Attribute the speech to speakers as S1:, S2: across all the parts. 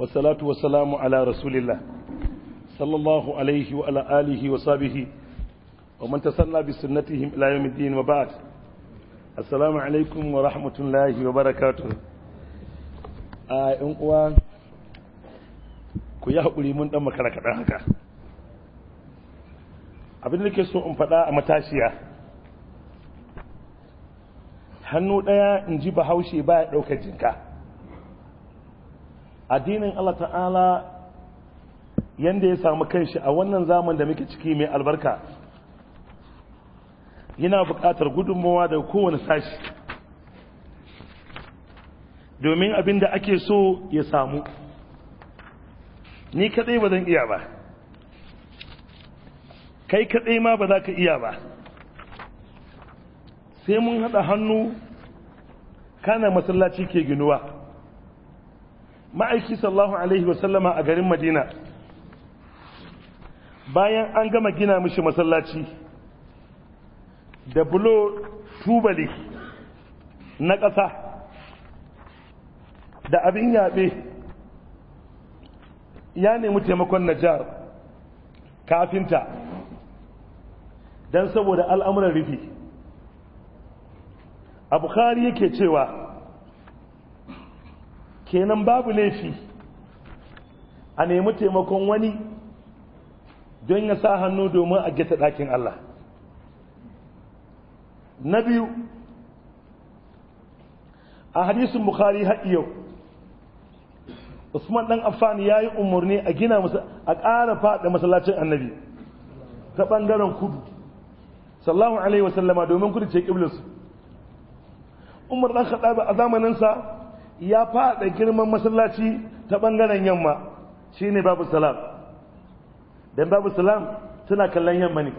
S1: wasalatu wasalamu ala rasulillah sallallahu alaihi wa ala wa sabihi wa man tasalla bi sunnatihi ila yawm din wa ba'd assalamu alaikum wa rahmatullahi wa barakatuh a in uwa ku ya hakuri mun dan makara kadan haka abin da so in faɗa a matashiya hannu ɗaya in ji bahaushe ba ya daukar jinka addinin Allah ta'ala yanda ya samu kanshi a wannan zaman da muke ciki mai albarka yana buƙatar gudunmawa daga kowane sashi domin abin da ake so ya samu ni kaɗai ba zan iya ba kai kaɗai ma ba za ka iya ba sai mun haɗa hannu kana masallaci ke ginuwa ma'aiki sallallahu alaihi wasallama a garin madina bayan an gama gina mishi masallaci da bulo tubali na ƙasa da abin yaɓe ya nemi taimakon najar kafinta don saboda al'amuran rufi a bukhari yake cewa kenan babu laifi a nemi taimakon wani don ya sa hannu domin a geta ɗakin Allah na biyu a hadisin bukhari haɗi yau usman ɗan affan ya yi umarni a gina a ƙara faɗa masallacin annabi ta ɓangaren kudu sallahu alaihi wasallama domin kudu ce ƙiblinsu umar ɗan haɗa a zamaninsa ya faɗa girman masallaci ta bangaren yamma shine babu salam dan babu salam tana kallon yamma ne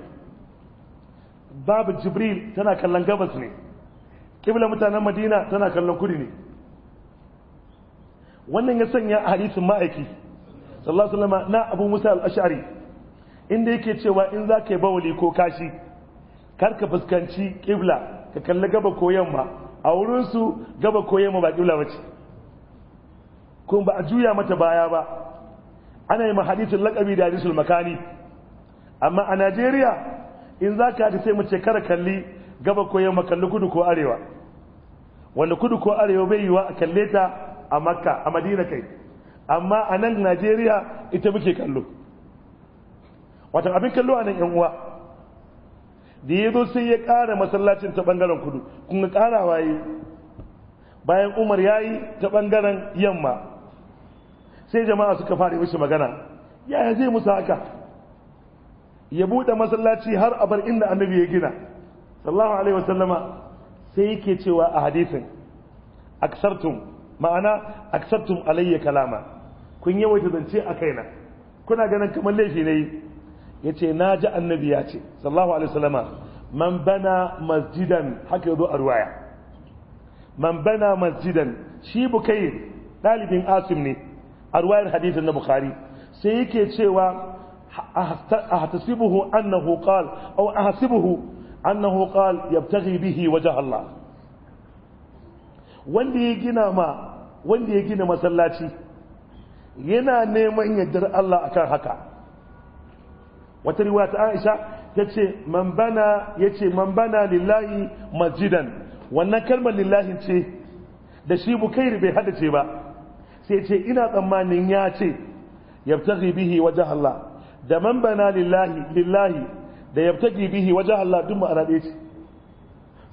S1: babu jibril tana kallon gabas ne ƙibla mutanen madina tana kallon kudi ne wannan ya sanya a hadisin ma'aiki sallallahu alaihi na abu musa al'ashari inda yake cewa in za ka yi bawali ko kashi kar ka fuskanci ƙibla ka kalli gaba ko yamma a wurinsu gaba ko yamma ba ƙibla ba kuma ba a juya mata baya ba ana yi mahadisun lakabi da hadisul makani amma a najeriya in za ka sai mu ce kara kalli gaba ko yamma kalli kudu ko arewa wanda kudu ko arewa bai yiwa a kalle ta a makka a madina kai amma a nan najeriya ita muke kallo wata abin kallo a nan yan uwa da ya zo sai ya ƙara masallacin ta bangaren kudu kun ga ƙara waye bayan umar ya yi ta bangaren yamma sai jama'a suka faɗi mishi magana yaya zai musu haka ya buɗe masallaci har a bar inda annabi ya gina Sallahu alaihi wasallama sai yake cewa a hadisin aksartum ma'ana aksartum alayya kalama kun yawaita zance a kaina kuna ganin kamar laifi ne ya ce na ji annabi ya ce Sallahu alaihi wasallama man bana masjidan haka yazo a ruwaya man bana masjidan shi bukai ɗalibin asim ne a ruwayar hadithin na bukhari sai yake cewa ahasibuhu annahu qal aw ahasibuhu annahu qal yabtaghi bihi wajha Allah wanda ya gina ma wanda ya gina masallaci yana neman yardar Allah akan haka wata riwaya ta Aisha tace man bana yace man bana lillahi masjidan wannan kalmar lillahi ce da shi bukairi bai hadace ba sai ce ina tsammanin ya ce yabtaghi bihi wajah Allah da man bana lillahi lillahi da yabtaghi bihi wajah Allah duk ma'ana ce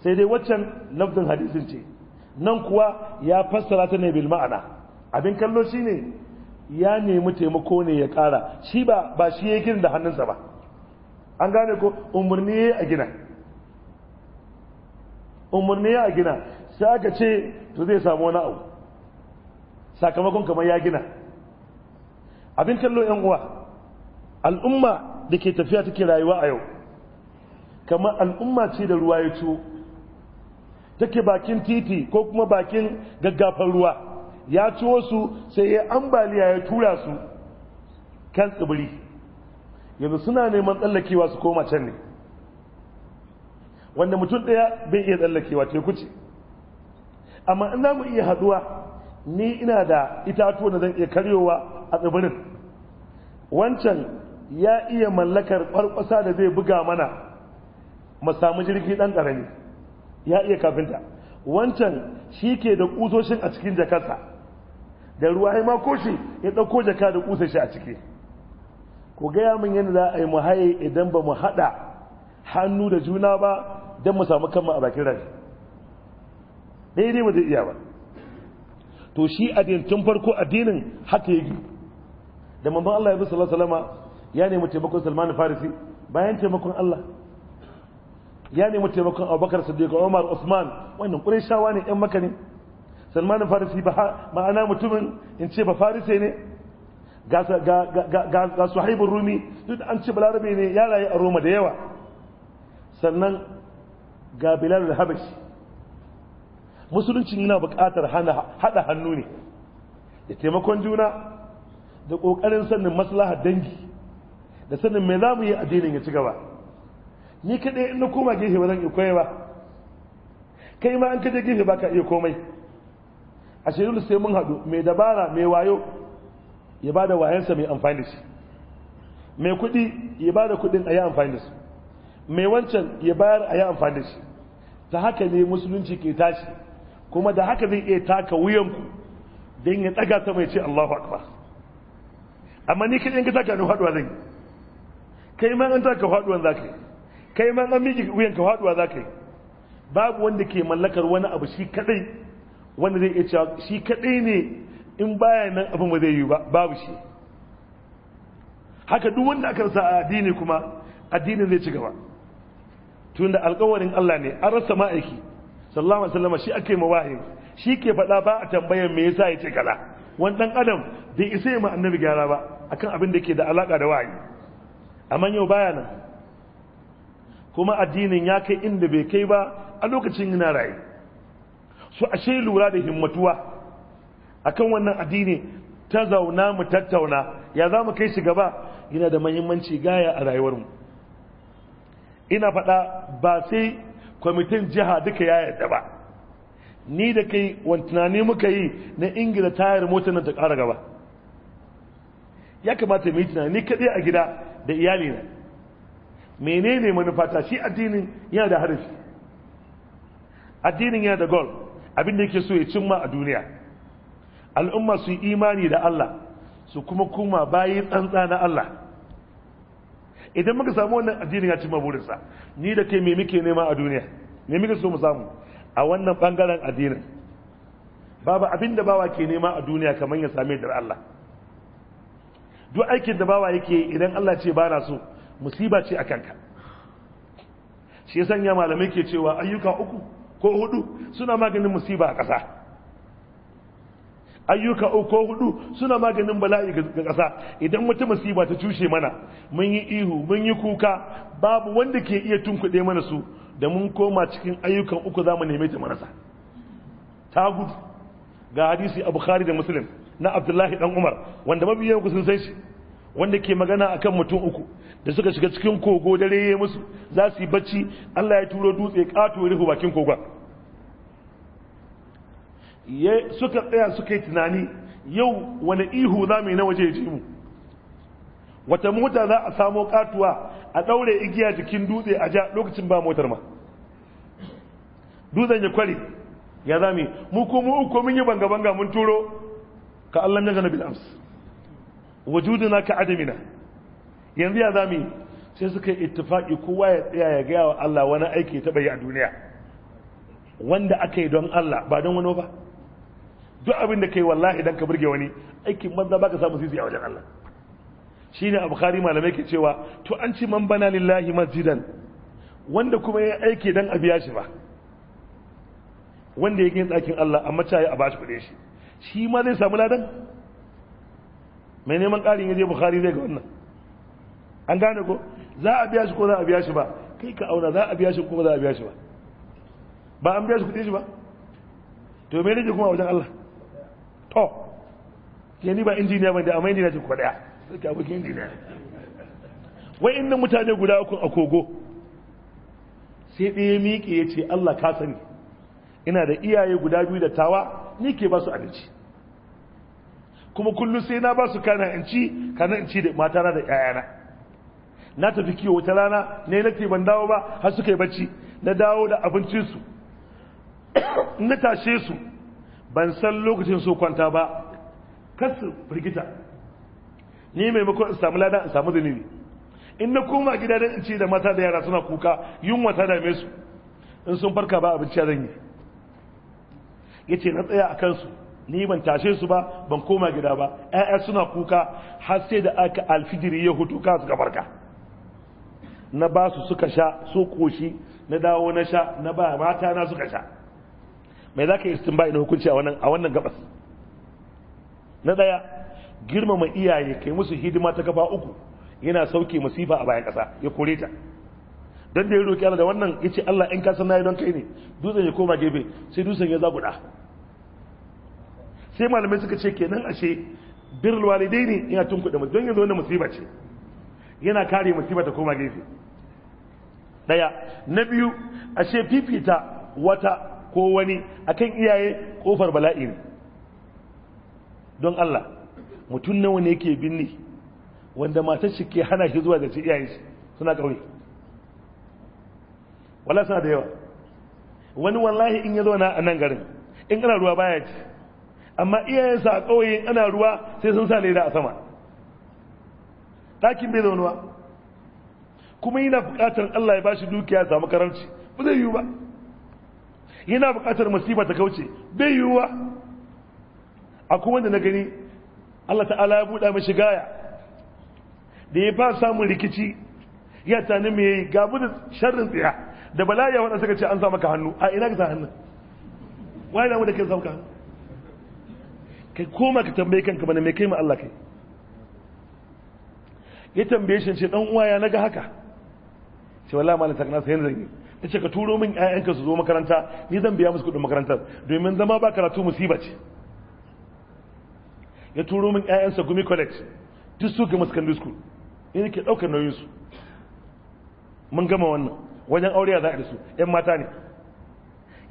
S1: sai dai waccan lafzin hadisin ce nan kuwa ya fassara ta ne bil ma'ana abin kallo shine ya nemi taimako ne ya kara shi ba ba shi ya gina da hannunsa ba an gane ko umarni a gina umarni a gina sai aka ce to zai samu wani abu sakamakon kamar ya gina abin kallon yan uwa al'umma da ke tafiya take rayuwa a yau kamar al'umma ce da ruwa ya ciwo take bakin titi ko kuma bakin gaggafan ruwa ya ciwo su sai ya ambaliya ya tura su kan tsibiri yanzu suna neman tsallakewa su koma can ne wanda mutum ɗaya bai iya tsallakewa teku ce amma in za mu iya haɗuwa ni ina da itatuwa da zan iya karyowa a tsibirin wancan ya iya mallakar ƙwarƙwasa da zai buga mana mu samu jirgi ɗan ƙarami ya iya kafinta wancan shi ke da ƙusoshin a cikin jakarsa da ruwa ya ko shi ya ɗauko jaka da ƙusa shi a ciki ku gaya min yadda za a yi mu haye idan ba mu haɗa hannu da juna ba don mu samu kanmu a bakin rai daidai ba zai iya ba to shi addinin tun farko addinin haka yake da mamban Allah ya fi sallallahu alaihi wasallam ya nemi taimakon Salman Farisi bayan taimakon Allah ya nemi taimakon Abubakar Siddiq Umar Usman wannan shawa ne ɗan Makka ne Salman Farisi ba ma'ana mutumin in ce ba Farise ne ga ga ga ga Suhaibur Rumi duk an ce Balarabe ne ya rayu a Roma da yawa sannan ga Bilal al-Habashi musulunci yana buƙatar haɗa hannu ne da taimakon juna da ƙoƙarin sannin maslaha dangi da sannin mai za mu yi addinin ya ci gaba ni kaɗai in na koma gefe ba zan iya koya kai ma an kaje gefe ba ka iya komai a shirin sai mun haɗu mai dabara mai wayo ya ba da wayansa mai amfani da shi mai kuɗi ya ba da kuɗin a yi amfani da su mai wancan ya bayar a yi amfani da shi ta haka ne musulunci ke tashi kuma da haka zai iya taka wuyanku don ya tsaga sama ya ce Allahu akbar amma ni kaɗai ka taka ni faɗuwa zan yi kai ma an taka faɗuwan za ka yi kai ma an miki wuyan ka faɗuwa za ka yi babu wanda ke mallakar wani abu shi kadai, wanda zai iya cewa shi kadai ne in baya nan abin ba zai yi ba babu shi haka duk wanda aka rasa a addini kuma addinin zai ci gaba tunda alƙawarin Allah ne an rasa ma'aiki sallallahu alaihi wasallam shi ake mawahi shi ke faɗa ba a tambayar me yasa yace kaza wani dan adam bai isa ya ma annabi gyara ba akan abin da ke da alaka da wahayi amma yau baya nan kuma addinin ya kai inda bai kai ba a lokacin yana rayu su ashe lura da himmatuwa akan wannan addini ta zauna mu tattauna ya za mu kai shi gaba yana da mahimmanci gaya a rayuwar mu ina faɗa ba sai kwamitin jiha duka ya yarda ba ni da kai wani tunani muka yi na ingila tayar motar nan ta ƙara gaba ya kamata mu tunani ni kaɗai a gida da iyali na menene manufata shi addinin yana da harafi addinin yana da gol abin da yake so ya cimma a duniya al'umma su yi imani da Allah su kuma kuma bayi tsantsa na Allah idan muka samu wannan addinin ya cimma burinsa ni da ke me muke nema a duniya me muke so mu samu a wannan bangaren addinin babu abin da bawa ke nema a duniya kamar ya same da Allah duk aikin da bawa yake idan Allah ce ba na so musiba ce a kanka shi ya sanya malamai ke cewa ayyuka uku ko hudu suna maganin musiba a ƙasa ayyuka uku hudu suna maganin bala'i ga ƙasa idan wata masiba ta cushe mana mun yi ihu mun yi kuka babu wanda ke iya tunkuɗe mana su da mun koma cikin ayyukan uku za mu neme ta marasa ta gudu ga hadisi a bukhari da muslim na abdullahi dan umar wanda mabiyan ku sun san shi wanda ke magana akan mutum uku da suka shiga cikin kogo dare ya musu za su yi bacci allah ya turo dutse ƙato ya rufe bakin kogon suka tsaya suka yi tunani yau wani ihu za mu yi na waje ya je mu wata mota za a samo katuwa a daure igiya jikin dutse a ja lokacin ba motar ma dutsen ya kware ya za mu ko mu uku mun yi banga banga mun turo ka allon na gana ams wajuduna ka adamina yanzu ya yi sai suka yi ittifaki kowa ya tsaya ya gaya wa Allah wani aiki ta yi a duniya wanda aka yi don Allah ba don wani ba duk abin da kai wallahi dan ka burge wani aikin manza baka samu sisi a wajen Allah shine abu khari malamai ke cewa to an ci man bana lillahi masjidan wanda kuma ya aiki dan a biya shi ba wanda ya tsakin Allah amma ta yi a bashi kuɗe shi shi ma zai samu ladan mai neman ƙarin ya je bukhari zai ga wannan an gane ko za a biya shi ko za a biya shi ba kai ka auna za a biya shi ko ba za a biya shi ba ba an biya shi kuɗe shi ba to me ne kuma wajen Allah to ke ni ba injiniya ba da amma injiniya ce ku daya abokin injiniya wai inda mutane guda uku a kogo sai ɗaya miƙe ya ce Allah ka sani ina da iyaye guda biyu da tawa ni ke ba su abinci kuma kullum sai na ba su kana in kana in ci da matana da ƴaƴana na tafi kiwo wata rana ne nake ban dawo ba har suka yi bacci na dawo da abincinsu na tashe su ban san lokacin su kwanta ba kasu firgita ni maimakon in samu lada in samu zunubi in na koma gida don in ci da mata da yara suna kuka yunwa ta dame su in sun farka ba abinci zan yi ya ce na tsaya a kansu ni ban tashe su ba ban koma gida ba 'ya'ya suna kuka har sai da aka alfijiri ya hutu ka suka farka na ba su suka sha su koshi na dawo na sha na ba mata na suka sha mai za ka yi istinba'i na hukunci a wannan gabas na daya girmama iyaye kai musu hidima ta kafa uku yana sauke masifa a bayan kasa ya kore ta don da ya roƙi Allah da wannan ya ce Allah in kasar na yi don kai ne dutsen ya koma gefe sai dutsen ya zaguda sai malamai suka ce kenan ashe birrul ne yana tunkuda don yanzu wani masifa ce yana kare masifa ta koma gefe daya na biyu ashe fifita wata ko wani a kan iyaye kofar bala'i ne don Allah mutum nawa ne ke binne wanda matar shi ke hana shi zuwa da shi iyayen shi suna kauye wala suna da yawa wani wallahi in ya zauna a nan garin in ana ruwa baya ci amma iyayensa a ƙauye in ana ruwa sai sun sa leda a sama ɗakin bai zaunuwa kuma yana buƙatar Allah ya bashi dukiya samu karamci ba zai yiwu ba yana bukatar masifa ta kauce bai yiwuwa akwai wanda na gani Allah ta'ala ya buɗa mashi gaya da ya ba samun rikici ya tani mai gabu da sharrin tsaya da bala'i waɗanda suka ce an sa maka hannu a ina ka sa hannun wani damu da kai sa maka hannu ka koma ka tambaye kanka bane mai kai ma Allah kai ya tambaye shi ce dan uwa ya naga haka ce wallahi malam sakna sai yanzu ta ce ka turo min ƴaƴanka su zo makaranta ni zan biya musu kuɗin makarantar domin zama ba karatu musiba ce ya turo min ƴaƴansa gumi college duk su ga muskandu school ni nake ɗaukar nauyin su mun gama wannan wajen aure ya za a da su ƴan mata ne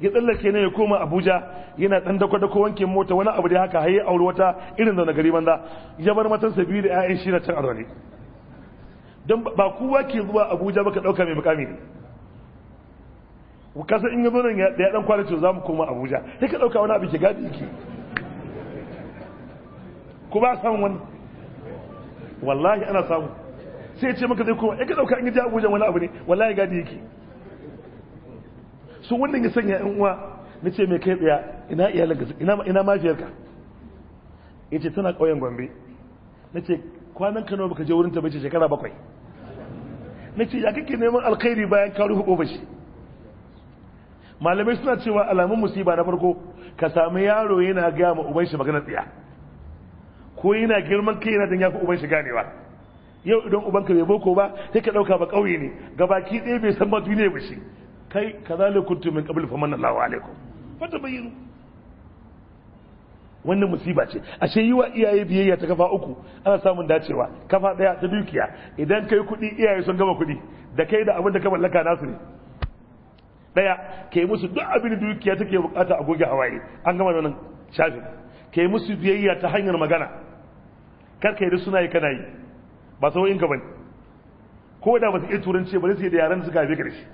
S1: ya tsallake ne ya koma abuja yana ɗan dako dako wanke mota wani abu da haka har ya aure wata irin zaune gari banza ya bar matansa biyu da 'ya'yan shi na can a don ba kowa ke zuwa abuja baka ɗauka mai mukami ne kasar in yazo nan ya dan kwana ce za mu koma abuja sai ka dauka wani abu ke gadi ke." ku ba samun wani wallahi ana samu sai ce maka zai koma ya ka dauka in yaje abuja wani abu ne wallahi gadi yake su wannan ya sanya yan uwa na ce mai kai tsaya ina iyalinka ina mafiyarka ya ce tana ƙauyen gombe na ce kwanan kano baka je wurin ta bace shekara bakwai na ce ya kake neman alkhairi bayan karu hubo malamai suna cewa alamun musiba na farko ka sami yaro yana gaya ma uban shi magana tsiya ko yana girman kai yana dan yafi uban shi ganewa yau idan ubanka bai boko ba sai ka dauka ba kauye ne gabaki ɗaya bai san ba duniya ba shi kai kazalik kuntum min qabl famanna Allahu alaikum fatabayyinu wannan musiba ce ashe yiwa iyaye biyayya ta kafa uku ana samun dacewa kafa daya ta dukiya idan kai kuɗi iyaye sun gama kuɗi da kai da abin da ka mallaka nasu ne daya ke musu duk abin dukiya take bukata a goge hawaye an gama da wannan shafin ke musu biyayya ta hanyar magana kar kai da suna yi kana yi ba in ka bane ko da ba su iya turanci ba sai da yaran suka haife karshe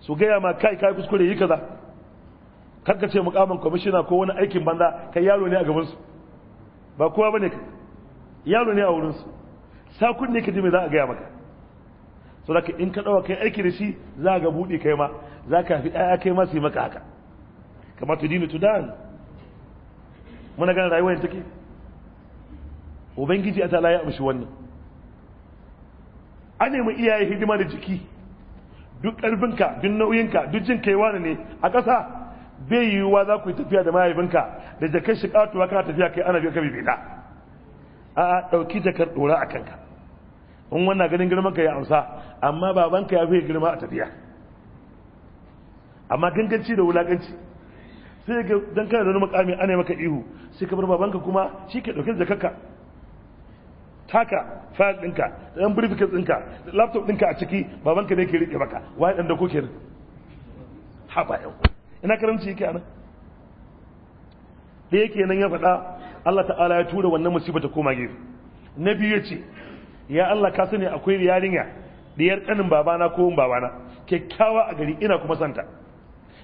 S1: su gaya ma kai kai kuskure yi kaza kar ka ce mukamin kwamishina ko wani aikin banza kai yaro ne a gaban su ba kowa bane yaro ne a wurin su sakun ne ka ji me za a gaya maka so da in ka ɗawa kai aiki da shi za ga bude kai ma za ka fi ɗaya kai ma su yi maka haka kamar tu dinu tudan muna gana yanzu take ubangiji a tala ya amshi wannan an nemi iyaye hidima da jiki duk ƙarfinka duk nauyinka duk jin kai wani ne a ƙasa bai yiwuwa za ku yi tafiya da mahaifinka da jakar shi ƙatuwa kana tafiya kai ana biya ka bibita a ɗauki jakar ɗora a kanka in wannan ganin girman ka ya amsa amma babanka ya fi girma a tafiya amma ganganci da wulakanci sai ga dan kana da wani makami ana maka ihu sai ka bar babanka kuma shi ke dauke da kakka taka fayil ɗinka da ɗan briefcase ɗinka da laptop ɗinka a ciki babanka ne ke riƙe maka wa ɗan da kuke nan haɓa yau ina karanci yake anan da yake nan ya faɗa Allah ta'ala ya tura wannan musibar ta koma gefe na biyu ya ce ya Allah ka sani akwai yarinya diyar kanin babana ko babana kyakkyawa a gari ina kuma santa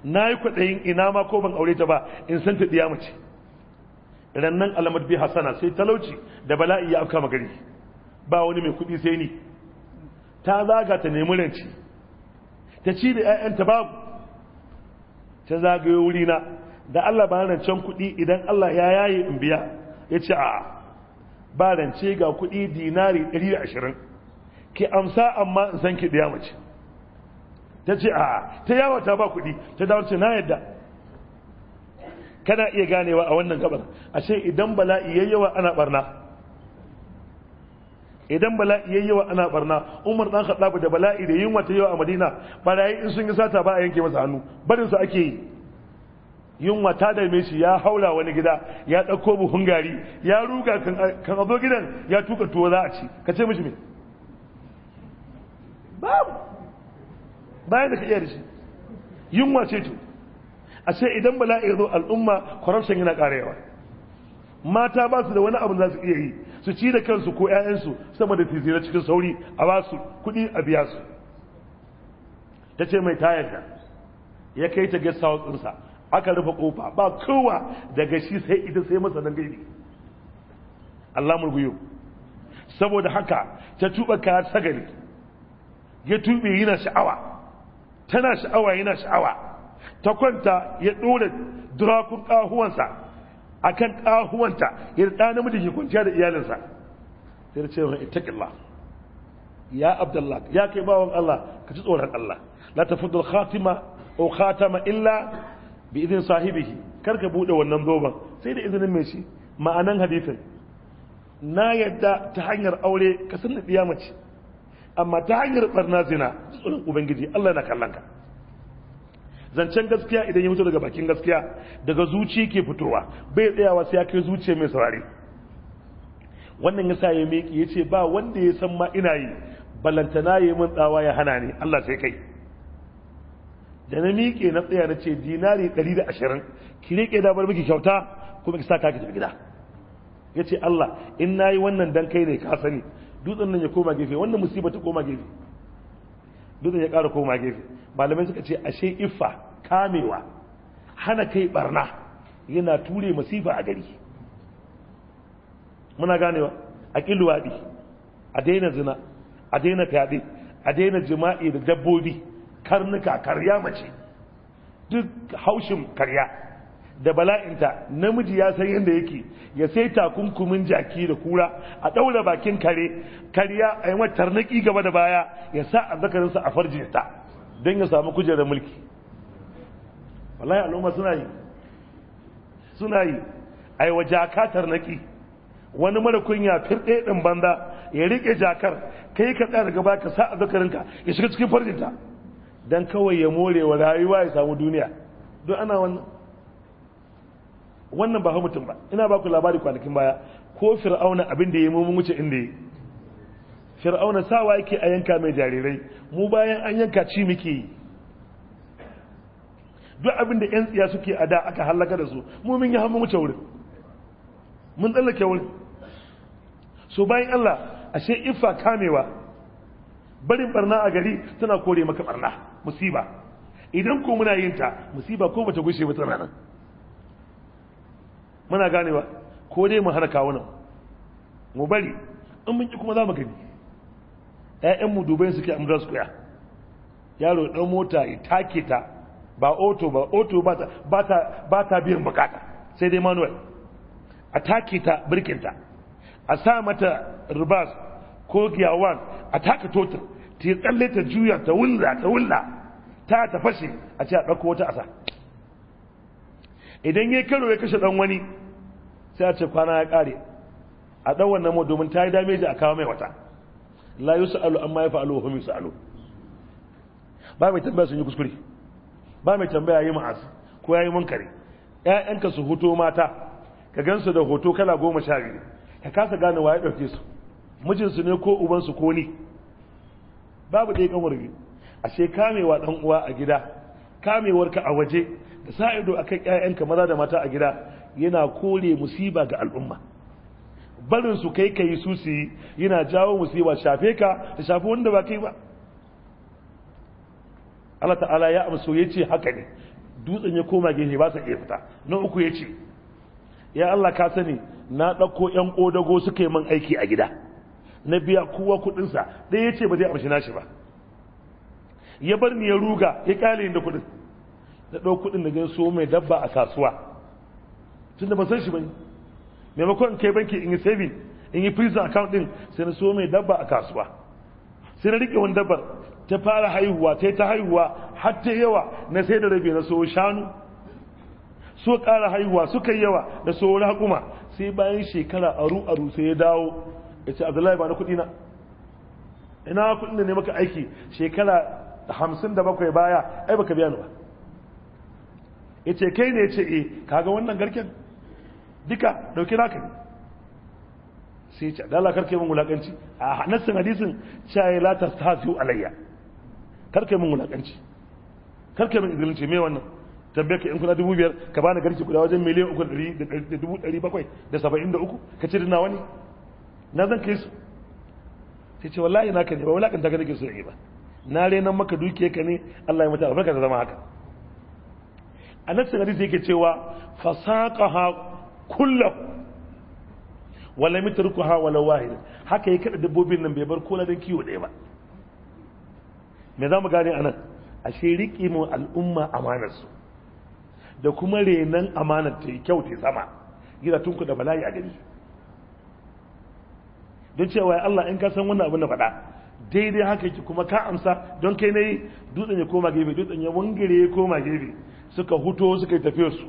S1: nayi yi ina ma ko ban aure ta ba in san ta diya mace rannan alamat bi hasana sai talauci da bala'i ya afka magari ba wani mai kuɗi sai ni ta zaga ta nemi ranci ta ci da ta babu ta zagayo na da Allah ba can kuɗi idan Allah ya yaye in biya ya ce a'a ba rance ga kuɗi dinari 120 ki amsa amma in san ki ɗaya mace ta ce a ta yawa ba kuɗi ta dawo ce na yadda kana iya ganewa a wannan gabar ce idan bala'i yayyawa ana barna idan bala'i yayyawa ana barna umar dan khattab da bala'i da yunwa ta yawa a madina barayi in sun yi sata ba a yanke masa hannu barin su ake yi yunwa ta dame shi ya haula wani gida ya ɗauko buhun gari ya ruga kan azo gidan ya tuka tuwo za a ci ka ce mishi me babu bayan da ka iya da shi yunwa ce to a ce idan bala'i ya zo al'umma corruption yana karewa mata ba su da wani abu za su iya yi su ci da kansu ko 'ya'yansu sama da tizira cikin sauri a ba su kuɗi a biya su ta ce mai tayar da ya kai ta guest house ɗinsa aka rufe kofa ba kowa daga shi sai ita sai nan gaibi Allah murguyo saboda haka ta tuba ka sagari ya tube yana sha'awa tana sha'awa yana sha'awa ta kwanta ya dora durakun kahuwansa akan kahuwanta ya da namiji ke kwanciya da iyalinsa sai da cewa ya abdullah ya kai bawan Allah ka ci tsoron Allah la khatima khatama illa bi izin sahibihi kar ka bude wannan zoban sai da izinin mai shi ma'anan hadisin na yadda ta hanyar aure ka san da biya mace amma ta hanyar barna zina tsoron ubangiji Allah na kallon ka zancen gaskiya idan ya fito daga bakin gaskiya daga zuci ke fitowa bai tsayawa sai ya kai zuciya mai saurari wannan yasa ya miki yace ba wanda ya san ma ina yi balantana ya min tsawa ya hana ni Allah sai kai da na miƙe na tsaya na ce dinari 120 ki rike da bar miki kyauta kuma ki ka ki tafi gida ya ce Allah in na yi wannan dan kai ne ka sani dutsen nan ya koma gefe wannan musiba ta koma gefe dutsen ya ƙara koma gefe malamai suka ce ashe iffa kamewa hana kai barna yana ture masifa a gari muna ganewa a ƙi a daina zina a daina fyaɗe a daina jima'i da dabbobi karnuka karya mace duk haushin karya da bala'inta namiji ya san yadda yake ya sai takunkumin jaki da kura a ɗaura bakin kare karya a yi tarnaki gaba da baya ya sa a zakarinsa a farjinta don ya samu kujerar mulki wallahi al'umma suna yi suna yi a yi wa jaka tarnaki wani mara kunya firɗe ɗin banza ya riƙe jakar kai ka tsaya daga baka sa a zakarinka ya shiga cikin farjinta don kawai ya more wa rayuwa ya samu duniya don ana wannan wannan ba mutum ba ina ba ku labari kwanakin baya ko fir'auna abin da ya yi mummun wuce inda ya fir'auna sawa yake a yanka mai jarirai mu bayan an yanka ci muke yi duk abin da yan tsiya suke a da aka hallaka da su mu ya yi hannun wuce wurin mun tsallake wurin so bayan allah ashe ifa kamewa barin barna a gari tana kore maka barna musiba idan ko muna yin ta musiba ko bata gushe ba tana nan muna ganewa ko dai mu harka wannan mu bari in mun ki kuma za mu gani ƴaƴan mu dubai suke amra square yaro dan mota ya take ta ba auto ba auto ba ta ba ta biyan bukata sai dai manual a take ta birkinta a sa mata ribas ko one a taka total ta yi tsalle ta juya ta wulla ta wulla ta ta fashe a ce a ɗauko wata asa idan ya karo ya kashe ɗan wani sai a ce kwana ya ƙare a ɗan wannan mu domin ta yi dameji a kawo mai wata la yi an amma ya fa'alu wa homin sa’alu ba mai tambaya sun yi kuskure ba mai tambaya yi ma'az ko ya yi munkari yayanka su hoto mata ka gansu da hoto kala goma sha biyu ka kasa gane wa ya ɗauke su mijinsu ne ko ubansu ko ni babu ɗaya kanwar biyu ashe kamewa ɗan uwa a gida kamewarka a waje da sa a kan ƴaƴanka maza da mata a gida yana kore musiba ga al'umma barin su kai kai su su yi yana jawo musiba shafe ka da shafi wanda ba kai ba Allah ta'ala ya amsa ya ce haka ne dutsen ya koma gefe ba sa iya fita na uku ya ce ya Allah ka sani na ɗauko ƴan ƙodago suka yi min aiki a gida na biya kowa kudinsa ɗaya ya ce ba zai amshi nashi ba ya bar ni ya ruga ya kyale ni da kudin na ɗau kudin da so mai dabba a kasuwa tunda ba san shi bane maimakon kai banki in yi saving in yi prison account din sai na so mai dabba a kasuwa sai na riƙe wani dabbar ta fara haihuwa ta ta haihuwa har ta yawa na sai da rabe na so shanu so ƙara haihuwa suka yawa da so hakuma sai bayan shekara aru aru sai ya dawo ya ce abdullahi ba na kuɗi na ina kudin da ne maka aiki shekara hamsin da bakwai baya ai baka biya ni ba ya ce kai ne ya ce eh kaga wannan garken duka dauki naka ne sai ya ce dala karke mun wulakanci a nassin hadisin cewa la tastahziu alayya karke mun wulakanci karke mun izgilinci me wannan tambaye ka in kuna dubu biyar ka bani garki guda wajen miliyan uku da dubu ɗari bakwai da saba'in da uku ka ce dina wani na zan kai su sai ce wallahi na kan ne ba kan ta ka nake yi ba na nan maka duke ka ne Allah ya mata albarka ta zama haka a nan yake cewa fasaqaha kula wala mitrukuha wala wahid haka yake dabbobin nan bai bar kola dan kiwo ɗaya ba me zamu gane anan ashe riƙe mu al'umma amanarsu. da kuma renan amanar ta kyau ta sama gida tunku da bala'i a gari don cewa Allah in ka san wannan abin da faɗa daidai haka yake kuma ka amsa don kai nayi dutsen ya koma gefe dutsen ya wangare ya koma gefe suka huto suka yi tafiyar su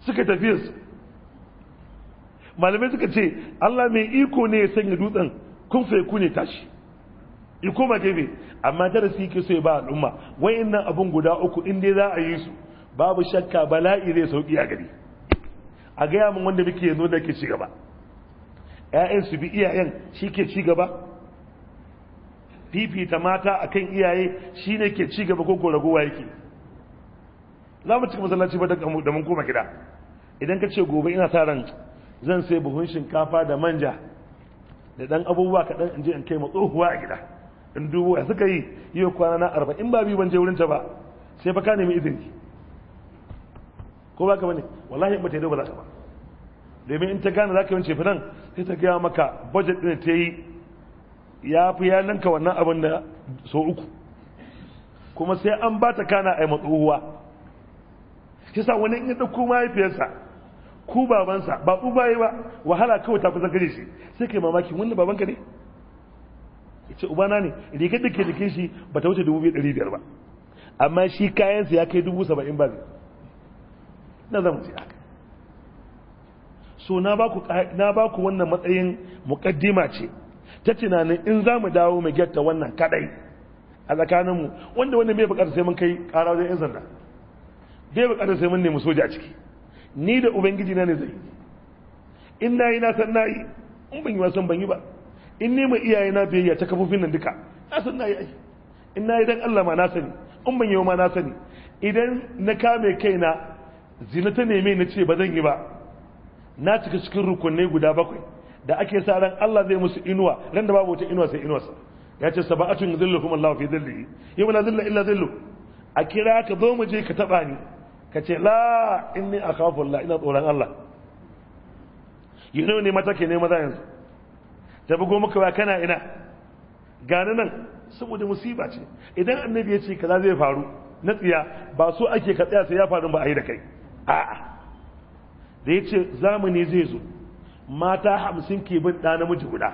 S1: suka tafiyar su malamai suka ce Allah mai iko ne ya sanya dutsen kun fa ku ne tashi ya koma gefe amma darasi yake so ya ba al'umma wayannan abun guda uku in dai za a yi su babu shakka bala'i zai sauki a gari a gaya mun wanda muke yanzu da ke ci gaba ƴaƴan su bi iyayen shi ke ci gaba fifita mata akan iyaye shi ne ke ci gaba ko ko ragowa yake za mu cika masallaci ba da mun koma gida idan ka ce gobe ina sa ran zan sai buhun shinkafa da manja da dan abubuwa kaɗan in je in kai matsohuwa a gida in dubo ya suka yi yau kwana na arba'in ba biyu ban je wurin ta ba sai fa ka nemi izini ko ba ka bane wallahi ba ta yi ba za ka ba domin in ta gane za ka yi cefi nan sai ta gaya maka budget ɗin ta yi ya fi ya ninka wannan abin da so uku kuma sai an ba ta kana a yi matsohuwa kisa wani in ya ɗauko mahaifiyarsa ku babansa ba ku yi ba wahala kawai ta kusa gare shi sai kai mamaki wannan babanka ne ya ce ubana ne rigar da ke jikin shi ba ta wuce dubu biyu ɗari biyar ba amma shi kayansa ya kai dubu saba'in ba zai na zama mu je haka so na ba ku wannan matsayin mukaddima ce ta tunanin in za mu dawo mu gyatta wannan kadai a tsakaninmu wanda wanda bai bukatar sai mun kai kara wajen yan sanda bai bukatar sai mun nemi soja a ciki ni da ubangiji na ne zai in na yi na san na yi in ban yi wasan ban yi ba in nema iyaye na biyayya ta kafofin nan duka na san na yi ai in na yi dan Allah ma na sani in ban yi ma na sani idan na kame kaina zina ta neme na ce ba zan yi ba na cika cikin rukunai guda bakwai da ake sa ran Allah zai musu inuwa ran da babu wata inuwa sai inuwa ya ce sab'atun zillukum Allah fi zillihi yau la zilla illa zillu a kira ka zo mu je ka taba ni ka ce la inni akhafu Allah ina tsoron Allah yau ne mata ke ne maza yanzu ta bugo muka ba kana ina gane nan saboda musiba ce idan annabi ya ce kaza zai faru na tsiya ba so ake ka tsaya sai ya faru ba a yi da kai a'a da ya ce zamani zai zo mata hamsin ke bin ɗa namiji guda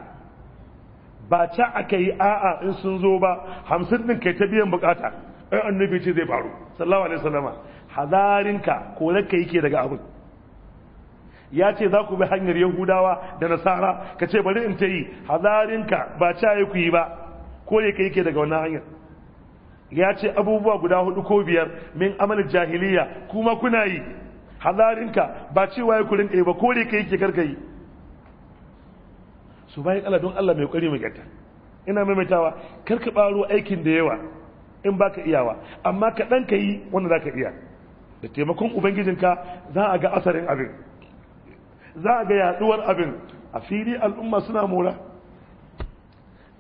S1: ba ca aka yi a'a in sun zo ba hamsin ɗin kai ta biyan bukata ɗan annabi ce zai faru sallawa alaihi salama hazarinka ko ka yake daga abin ya ce za ku bi hanyar yahudawa da nasara ka ce bari in ta yi hazarinka ba ca yi ku yi ba ko ne ka yake daga wannan hanyar ya ce abubuwa guda hudu ko biyar min amal jahiliya kuma kuna yi halarinka ba cewa ya kurin ɗaya ba ko da kai ke yi su bayan ala don Allah mai kwari mai gata ina maimaitawa karka ɓaro aikin da yawa in ba ka iyawa amma ka ka yi wanda ka iya da taimakon ubangijinka za a ga asarin abin za a ga yaduwar abin a fili al'umma suna mora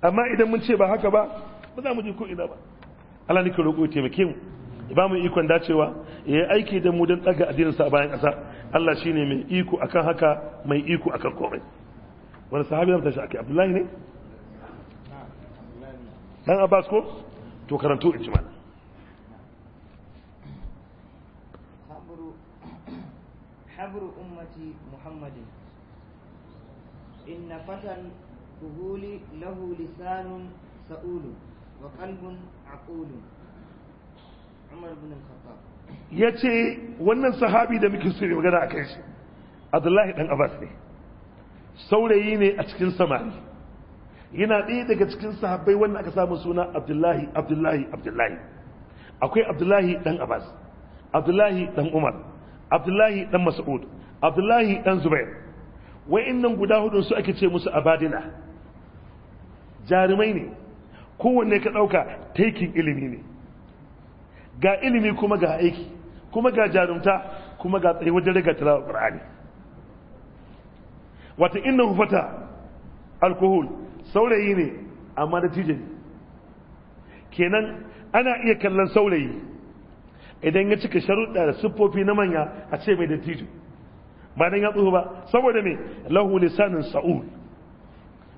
S1: amma idan mun ce ba haka ba ba za mu je ko ina ba Allah nake roƙo ya taimake mu ba mu ikon dacewa ya yi aiki da mu don tsaga addininsa a bayan ƙasa Allah shi ne mai iko akan haka mai iko akan komai wani sahabi zan tashi ake abdullahi ne dan abbas ko to karanto in
S2: habru mana حبر أمتي محمد fatan فتى القبول له لسان
S1: Ya ce wannan sahabi da muke so magana a kai shi Abdullahi dan Abbas ne saurayi ne a cikin samari yana ɗaya daga cikin sahabbai wanda aka samu suna Abdullahi Abdullahi Abdullahi akwai Abdullahi ɗan Abas, Abdullahi ɗan Umar Abdullahi ɗan Mas'ud Abdullahi dan Zubair wa'annan guda hudun su ake ce musu Abadina jarumai ne kowanne ka ɗauka taikin ilimi ne ga ilimi kuma ga aiki kuma ga jarumta kuma ga tsaye wajen riga tilawa ƙar'ani wata inna hufata alkohol saurayi ne amma da kenan ana iya kallon saurayi idan ya cika sharuɗa da siffofi na manya a ce mai da tijin ba don ya tsoho ba saboda mai lahu lisanin sa'ul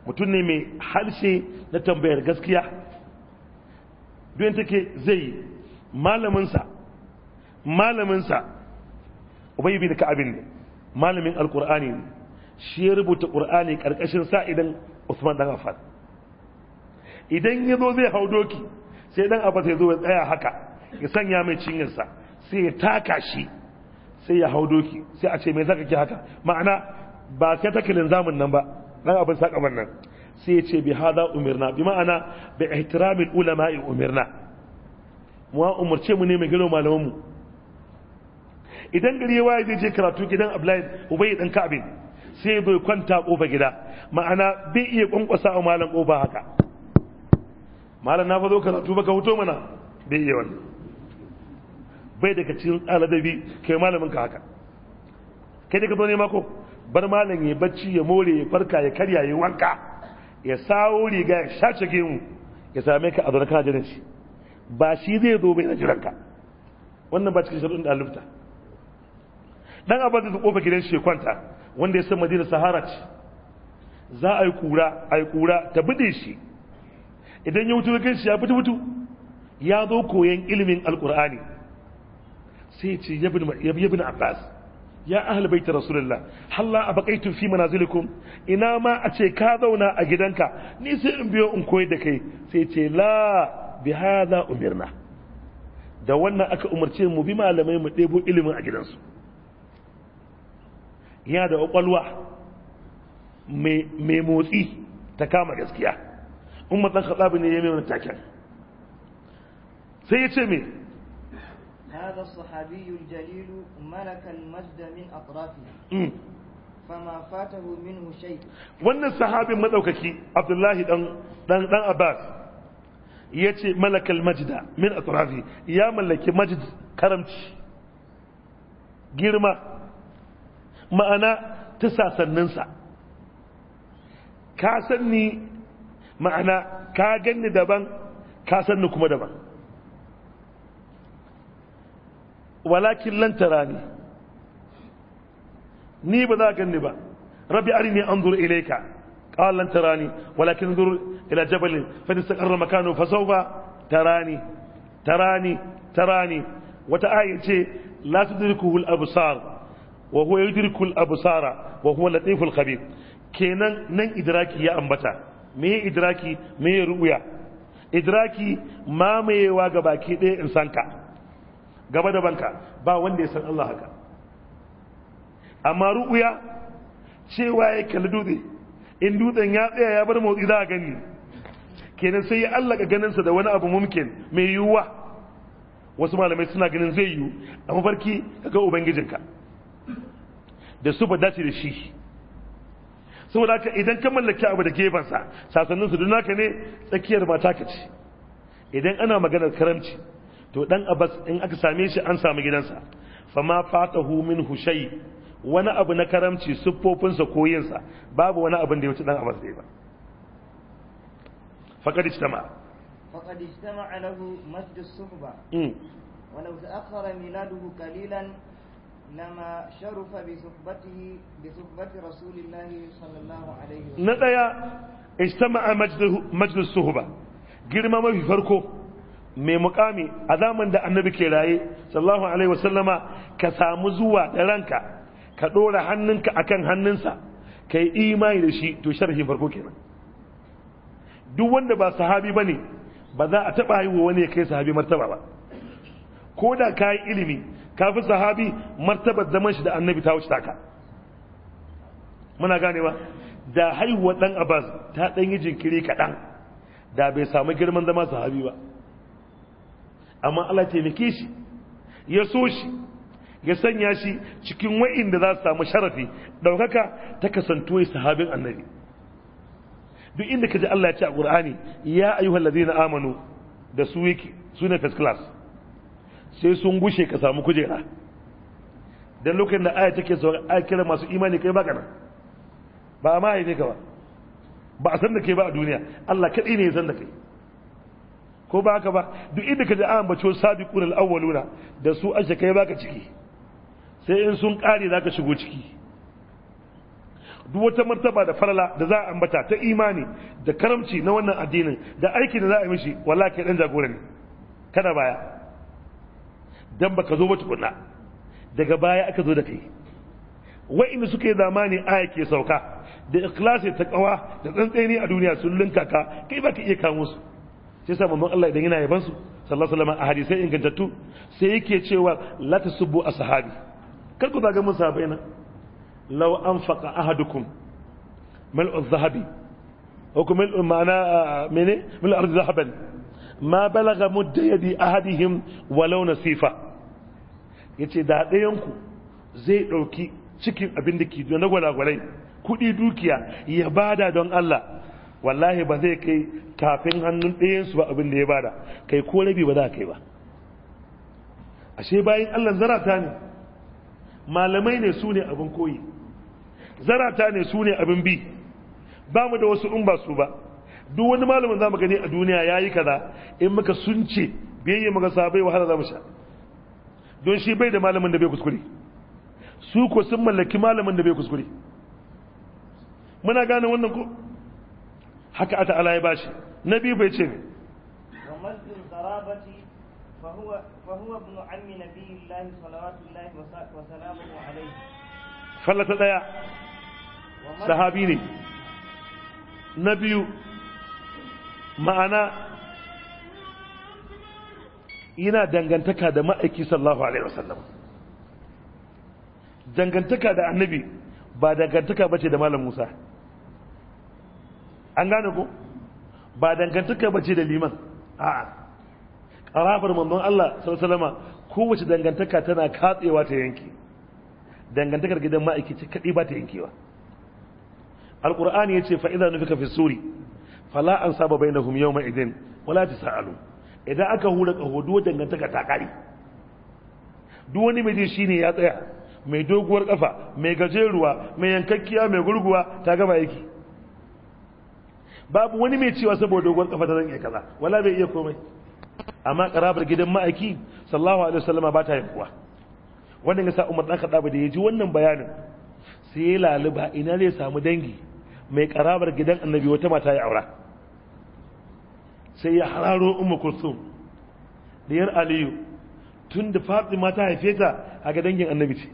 S1: mutum ne mai harshe na tambayar gaskiya duyan take zai yi malaminsa malaminsa ubai bi da ka'abin ne malamin alkur'ani ne shi ya rubuta ƙur'ani ƙarƙashin sa idan usman dan afar idan ya zo zai hau doki sai dan abbas ya zo ya tsaya haka ya sanya mai cinyarsa sai ya taka shi sai ya hau doki sai a ce mai zaka ki haka ma'ana ba kai takilin zamun nan ba dan abin sakaman nan sai ya ce bi hada umirna bi ma'ana bi ihtiramil ulama'i umirna mu wa umurce mu ne mai gano malaman mu idan gari ya waye zai je karatu gidan Abdullahi Ubay dan Ka'abin sai bai kwanta kofa gida ma'ana bai iya kwankwasa a malam kofa haka malam na fazo karatu baka huto mana bai iya wannan bai daga cikin aladabi kai malamin ka haka kai daga zo ne mako bar malam ya bacci ya more ya farka ya karya ya wanka ya sawo riga ya shace gemu ya same ka a zaune kana jiran shi ba shi zai zo bai na jiran ka wannan ba cikin shirin da lufta dan abin da kofa gidan shi kwanta wanda ya san madina sahara ce za a yi kura a yi kura ta bude shi idan ya wuce kan shi ya fito fito ya zo koyan ilimin alkur'ani sai ce ya bin abbas ya ahal baiti rasulullah halla abaqaitu fi manazilikum ina ma a ce ka zauna a gidanka ni sai in biyo in koyi da kai sai ce la bi hadha umirna da wannan aka umarce mu bi malamai mu ɗebo ilimin a gidansu ya da kwakwalwa mai motsi ta kama gaskiya umar dan ne ya mai wani taken sai ya ce me
S2: هذا الصحابي الجليل ملك المجد من أطرافه فما فاته منه شيء
S1: وأن الصحابي مدوككي عبد الله دان دان دان أباس يأتي ملك المجد من أطرافه يا ملك مجد كرمتي girma ma'ana ta sasanninsa ka san ni ma'ana ka ganni daban ka san kuma daban walakin lan tarani ni ba za ganni ba rabbi arini anzur ilayka qala lan tarani walakin anzur ila jabalin fa istaqarra makanu fa sawfa tarani tarani tarani wata aya ce la tudrikuhu al-absar wa huwa yudriku al-absara wa huwa latiful khabir kenan nan idraki ya ambata me idraki me ru'ya idraki mamayewa ga baki ɗaya ka. gaba da banka ba wanda ya san Allah haka amma ru'uya cewa ya kalli dutse in dutsen ya tsaya ya bar motsi za a gani kenan sai ya allaka ganinsa da wani abu mumkin mai yiwuwa wasu malamai suna ganin zai yiwu a mafarki ga ubangijinka da su ba dace da shi saboda ka idan ka mallaki abu da gefensa sasannin su dunaka ne tsakiyar mata ka ce idan ana maganar karamci to dan abbas in aka same shi an samu gidansa fama fatahu min hushai wani abu na karamci siffofinsa ko yinsa babu wani abin da ya wuce dan abbas dai ba faqad ijtama
S2: faqad ijtama alahu masjid suhba as-suhba ولو mm. miladuhu qalilan lama لما bi suhbatihi bi suhbati rasulillahi sallallahu alaihi wa sallam na daya
S1: مجد majlis suhba girma mafi farko mai mukami a zaman da annabi ke raye sallallahu alaihi wasallama ka samu zuwa da ranka ka ɗora hannunka akan hannunsa ka yi imani da shi to sharhin farko kenan duk wanda ba sahabi ba ba za a taɓa haihuwa wani ya kai sahabi martaba ba ko da ka yi ilimi ka fi sahabi martabar zaman shi da annabi ta wuce taka muna ganewa da haihuwa dan abbas ta dan yi jinkiri kaɗan da bai samu girman zama sahabi ba amma Allah taimake shi ya so shi ya sanya shi cikin wa'inda za su samu sharafi daukaka ta kasantuwa sahabin annabi duk inda ka ji Allah ya ce a Qur'ani ya ayyuhal na amanu da su yake su ne first class sai sun gushe ka samu kujera dan lokacin da aya take so a masu imani kai baka nan ba ma yi ne ka ba ba a san da kai ba a duniya Allah kadai ne ya san da kai ko ba haka ba duk inda ka ji an bace sabiqun al-awwaluna da su ashe kai baka ciki sai in sun kare zaka shigo ciki duk wata martaba da farala da za a ambata ta imani da karamci na wannan addinin da aiki da za a yi mishi wallahi kai dan jagora ne kada baya dan baka zo ba tukunna daga baya aka zo da kai wa'inda suka yi zamani aya ke sauka da ikhlasi ta kawa da tsantseni a duniya sun ka kai baka iya kawo su shi sa manzon Allah idan yana yaban su sallallahu alaihi wasallam a hadisai ingantattu sai yake cewa la tasubbu ashabi kar ku zaga mun sahabbai na law anfaqa ahadukum mal'u zahabi ko ma'ana ah, mene mil ardi dhahaban ma balagha mudda yadi ahadihim walau nasifa yace da ɗayan ku zai dauki cikin abin da ke na gwalagwalai kuɗi dukiya ya bada don Allah wallahi ba zai kai tafin hannun ɗayansu ba abin da ya bada kai ko rabi ba za kai ba ashe bayan allah zarata ne malamai ne su ne abin koyi zarata ne su ne abin bi ba mu da wasu in ba su ba duk wani malamin za mu gani a duniya ya yi kaza in muka sunce biyayya muka sabai wahala za mu sha don shi bai da malamin da bai kuskure su ko sun mallaki malamin da bai kuskure muna gane wannan ko haka ata ala ya bashi na biyu bai ce ne fallata daya sahabi ne na biyu ma'ana yana dangantaka da ma'aiki sallallahu alaihi wasallam dangantaka da annabi ba dangantaka bace da malam musa an gane ku ba dangantaka ba ce da liman a'a ƙarafar manzon Allah sallama kowace dangantaka tana katsewa ta yanki dangantakar gidan ma'aikaci kaɗi ba ta yankewa alƙur'ani ya ce fa'iza nufi kafin suri fala an saba bai na hum yau mai idan wala ta sa'alu idan aka hura ƙaho duwa dangantaka ta ƙari duk wani mai shi ne ya tsaya mai doguwar ƙafa mai gajeruwa mai yankakkiya mai gurguwa ta gaba yake babu wani mai cewa saboda dogon kafa ta zan kaza wala bai iya komai amma karabar gidan ma'aiki sallallahu alaihi wasallama ba ta yankuwa wannan yasa Umar dan Khattab da yaji wannan bayanin sai ya laluba ina zai samu dangi mai karabar gidan Annabi wata mata ya aura sai ya hararo Ummu da diyar Aliyu tun da Fatima ta haife ta a ga dangin Annabi ce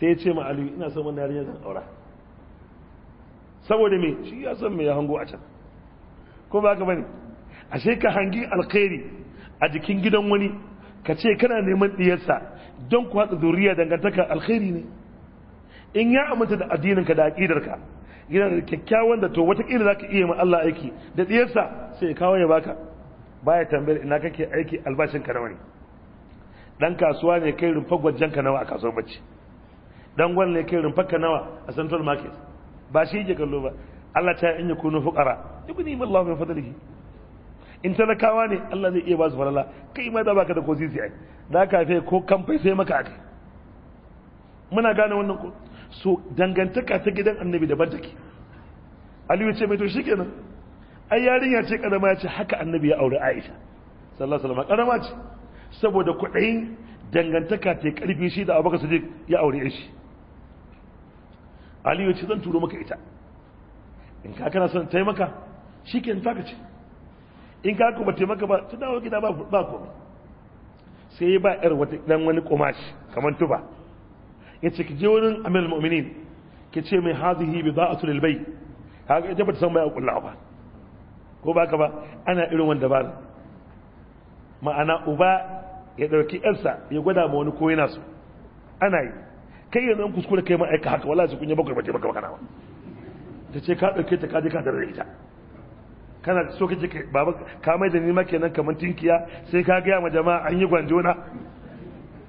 S1: sai ya ce ma Aliyu ina son wannan yarinya zan aura saboda mai shi ya san me ya hango a can ko ba ka bane ashe ka hangi alkhairi a jikin gidan wani ka ce kana neman diyarsa don ku haɗa zuriya dangantaka alkhairi ne in ya aminta da addininka da aƙidarka yana da kyakkyawan da to wata kila zaka iya ma Allah aiki da diyarsa sai ya kawo ya baka baya tambayar ina kake aiki albashin ka nawa ne dan kasuwa ne kai rumfar gwajen ka nawa a kasuwar bacci dan gwal ne kai rumfar ka nawa a central market ba shi yake kallo ba Allah ta in yakunu fuqara yughnihim Allahu min fadlihi in talakawa ne Allah zai iya ba su falala kai ma da baka da kosisi ai da ka fe ko fa sai maka aka muna gane wannan ko so dangantaka ta gidan annabi da bantake Aliyu ce mai to shikenan ai yarinya ce karama ya ce haka annabi ya aure Aisha sallallahu alaihi wasallam karama ce saboda kudin dangantaka ta karfi shi da Abubakar Siddiq ya aure shi aliyu ce zan turo maka ita in ka kana son taimaka shi ke ta ce in ka kuma taimaka ba ta dawo gida ba komai sai ya ba yar wata dan wani kumashi kamar tuba ya ce ki je wurin amir mu'minin ki ce mai hazihi bi a lil bai haka ita ba ta san bai kulla ba ko ba ka ba ana irin wanda ba ma'ana uba ya dauki yarsa ya gwada ma wani ko yana so ana yi kai yanzu kuskure kai ma aika haka wallahi kun yi bakwai bace baka kana ba ta ce ka dauke ta kaje ka da ita kana so kace baba ka mai da ni ma kenan kaman tinkiya sai ka ga ma jama'a an yi gwanjo na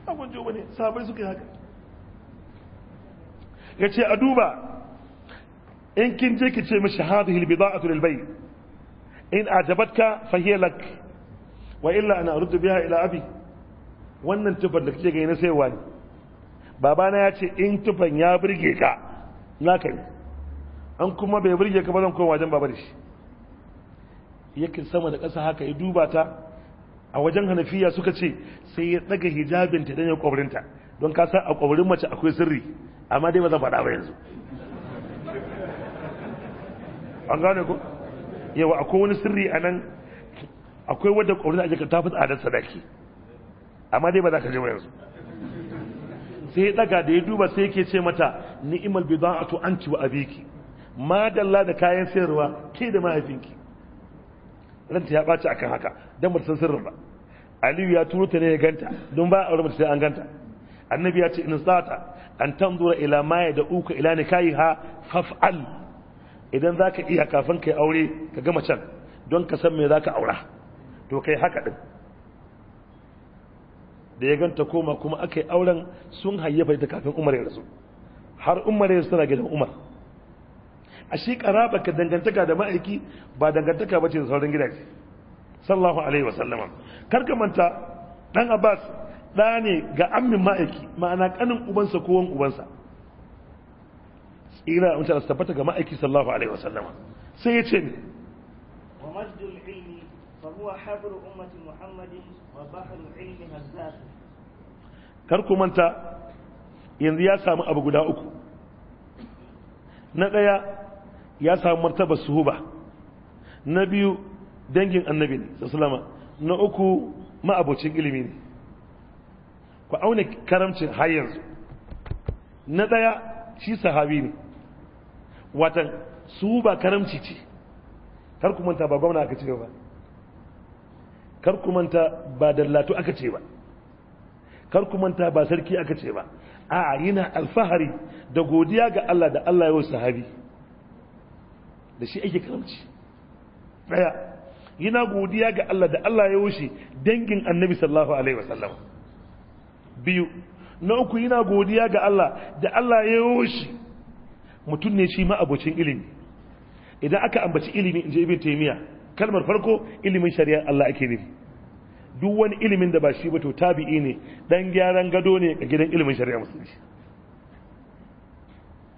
S1: a gwanjo bane sabai suka yi haka yace a duba in kin je ki ce mishi hadhihi albida'atu lilbay in ajabatka fa hiya lak wa illa ana urdu biha ila abi wannan tubar da kike ga na sai wani babana ya ce in tufan ya birge ka na kai an kuma bai birge ka ba zan koma wajen babar shi yakin sama da ƙasa haka ya duba ta a wajen hanafiya suka ce sai ya tsaga hijabin ta dan ya kwabrinta don ka san a kwabrin mace akwai sirri amma dai ba zan faɗa ba yanzu an gane ko yawa akwai wani sirri a nan akwai wadda kwabrin a ta fi tsadar sadaki amma dai ba za ka je ba yanzu sai ya daga da ya duba sai ke ce mata ni'imal bida'atu anti wa abiki ma dalla da kayan sayarwa ke da mahaifinki ranta ya baci akan haka dan ba san sirrin ba aliyu ya turo ta ne ya ganta don ba aure ta sai an ganta annabi ya ce in sata an tanzura ila ma ya uku ila ni ha faf'al idan zaka iya kafin kai aure ka gama can don ka san me zaka aura to kai haka din da ya ganta koma kuma aka yi auren sun hayyafa kafin umar ya rasu har umar ya suna gidan umar a shi karaba ka dangantaka da ma'aiki ba dangantaka ba ce da sauran gidaje sallahu alaihi wasallama karka manta dan abbas ɗane ne ga ammin ma'aiki ma'ana kanin ubansa ko wan ubansa tsira mutane su tabbata ga ma'aiki sallahu alaihi wasallama sai ya ce ne وهو حبر manta yanzu ya samu abu guda uku na ɗaya ya samu martaba suhuba na biyu dangin annabi ne sallama na uku ma'abocin ilimi ne ku auna karamcin har yanzu na ɗaya shi sahabi ne watan suhuba karamci ce karku manta ba gwamna aka ce ba kar ku manta ba dallatu aka ce ba kar ku manta ba sarki aka ce ba a yana alfahari da godiya ga Allah da Allah yau sahabi da shi ake karamci daya yana godiya ga Allah da Allah yau shi dangin annabi sallallahu alaihi wasallam biyu na uku yana godiya ga Allah da Allah yau shi mutum ne shi ma abocin ilimi idan aka ambaci ilimi in je ibn taymiya kalmar farko ilimin shari'a Allah ake nufi duk wani ilimin da ba shi ba to tabi'i ne dan gyaran gado ne a gidan ilimin shari'a musulunci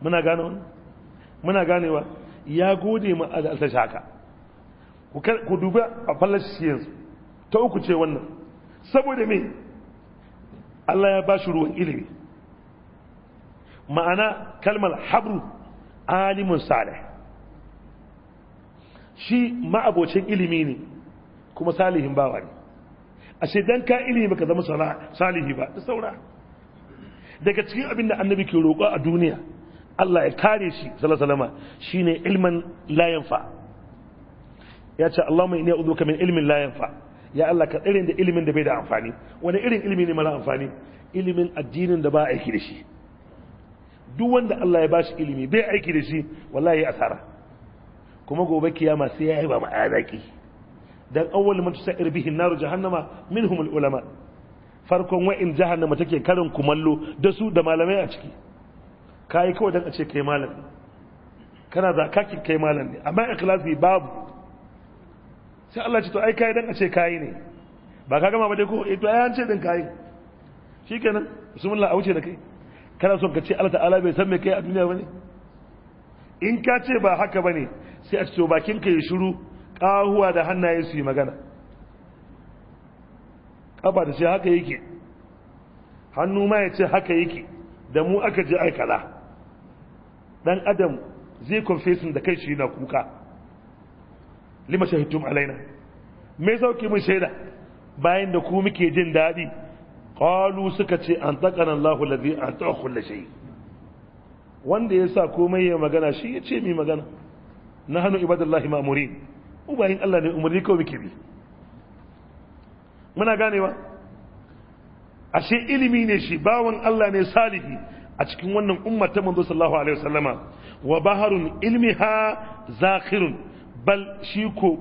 S1: muna gane wani muna ganewa ya gode ma ta shaka ku duba a fallashi yanzu ta uku ce wannan saboda me Allah ya ba shi ruwan ilimi ma'ana kalmar habru alimun salih shi ma'abocin ilimi ne kuma salihin bawa ne ashe dan ka ilimi baka zama salihi ba da saura daga cikin abin da annabi ke roƙo a duniya Allah ya kare shi sallallahu shine ilman la yanfa ya ce Allahumma inni ka min ilmin la ya Allah ka tsare da ilimin da bai da amfani wani irin ilimi ne mara amfani ilimin addinin da ba aiki da shi duk wanda Allah ya bashi ilimi bai aiki da shi wallahi asara kuma gobe kiyama sai ya yi ba ma'azaki dan awwal man tusair bihi an-nar jahannama minhum al-ulama farkon in jahannama take karin kumallo da su da malamai a ciki kai kawai dan a ce kai malam kana za kaki kai malam ne amma ikhlasi babu sai Allah ce to ai kai dan a ce kai ne ba ka gama ba dai ko eh to ai an ce din kai shikenan bismillah a wuce da kai kana son ka ce Allah ta'ala bai san me kai a duniya bane in ka ce ba haka bane sai a ce bakin ka ya shiru kahuwa da hannaye su yi magana kafa da ce haka yake hannu ma ya ce haka yake da mu aka je aikala Ɗan adam zai confessing da kai shi na kuka lima shahidtum alaina me sauki mun shaida bayan da ku muke jin daɗi qalu suka ce an tsakanin Allahu an anta kulle shi wanda sa komai ya magana shi ya ce mai magana na hannun ibadallahi ma'amurin ubayin Allah ne umarni kawai muke bi muna ganewa ashe ilimi ne shi bawan Allah ne salihi a cikin wannan umma ta manzo sallallahu alaihi wasallama wa baharun ilmiha zakhirun bal shi ko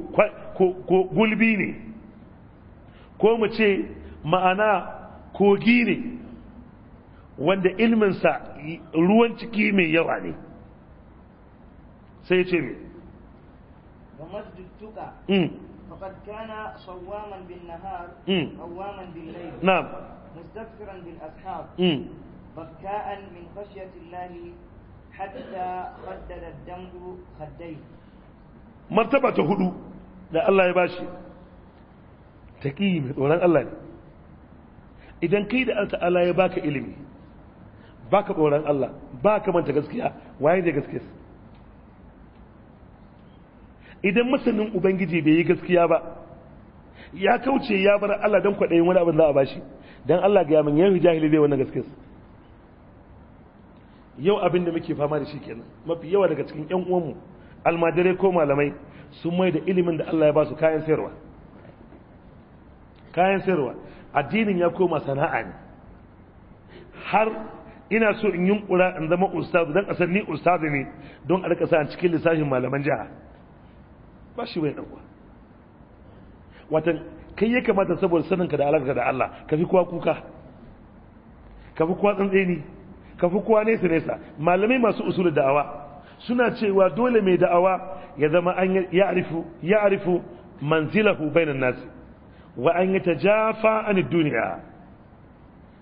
S1: ko gulbi ne ko mu ce ma'ana kogi ne wanda ilminsa ruwan ciki mai yawa ne sai ya ce mai
S2: ومجدتك فقد كان صواما بالنهار قواما بالليل نعم مستكثرا بالأسحار بكاء من خشية الله حتى خدد الدم خديه
S1: مرتبة هدوء لا الله يباشي تقييم وران الله ne idan kai da Allah ta'ala ya baka ilimi baka tsoron Allah baka manta gaskiya waye da gaskiya idan masanin ubangiji bai yi gaskiya ba ya kauce ya bar Allah dan kwaɗayin wani abin za a bashi dan Allah ga yamin yan jahili zai wannan gaskiyar yau abin da muke fama da shi kenan mafi yawa daga cikin yan uwanmu almajirai ko malamai sun mai da ilimin da Allah ya ba su kayan sayarwa kayan sayarwa addinin ya koma sana'a ne har ina so in yunkura in zama ustazu dan asali ustazu ne don a rika sa cikin lissafin malaman jiha ba shi bai dan watan kai ya kamata saboda saninka da alaƙa da Allah ka fi kowa kuka ka fi kowa tsantseni ka fi kowa nesa nesa malamai masu usulun da'awa suna cewa dole mai da'awa ya zama an ya arifu manzilahu bainan nasi wa an yatajafa an duniya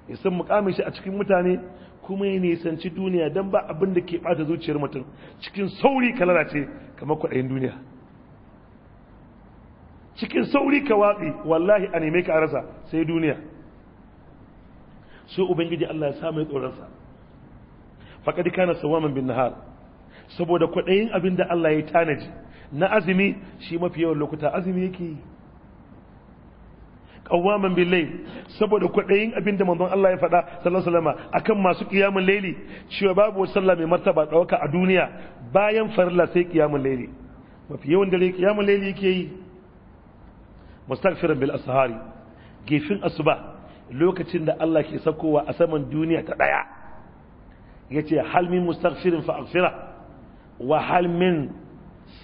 S1: ya san mukamin shi a cikin mutane kuma ya nisanci duniya don ba abin da ke bata zuciyar mutum cikin sauri ka lalace kamar kwaɗayin duniya cikin sauri ka watsi wallahi a neme ka a rasa sai duniya sai ubangiji Allah ya samu tsoronsa faƙaɗi kana sawaman bin nahar saboda kwaɗayin abin da Allah ya tanaji na azumi shi mafi yawan lokuta azumi yake yi qawwaman bil layl saboda abin da manzon Allah ya faɗa sallallahu alaihi wasallam akan masu qiyamul layli cewa babu wata sallah mai martaba dauka a duniya bayan farilla sai qiyamul layli mafi yawan dare qiyamul layli yake yi mustaghfirin bil ashari gifin asuba lokacin da Allah ke sakowa a saman duniya ta daya yace hal min mustaghfirin fa aghfira wa hal min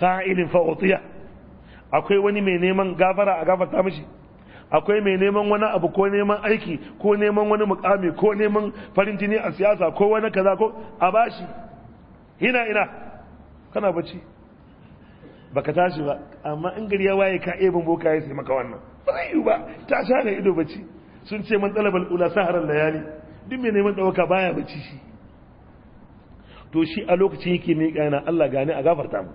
S1: sa'ilin fa utiya akwai wani mai neman gafara a gafarta mishi akwai mai neman wani abu ko neman aiki ko neman wani mukami ko neman farin jini a siyasa ko wani kaza ko a bashi ina ina kana bacci Ba ka tashi ba amma in gari ya waye ka ebin boka ya sai maka wannan ba zai yi ba ta sha ga ido bacci sun ce man talabal ula saharan layali duk mai neman dauka baya bacci shi to shi a lokacin yake ne kana Allah gane a gafarta mu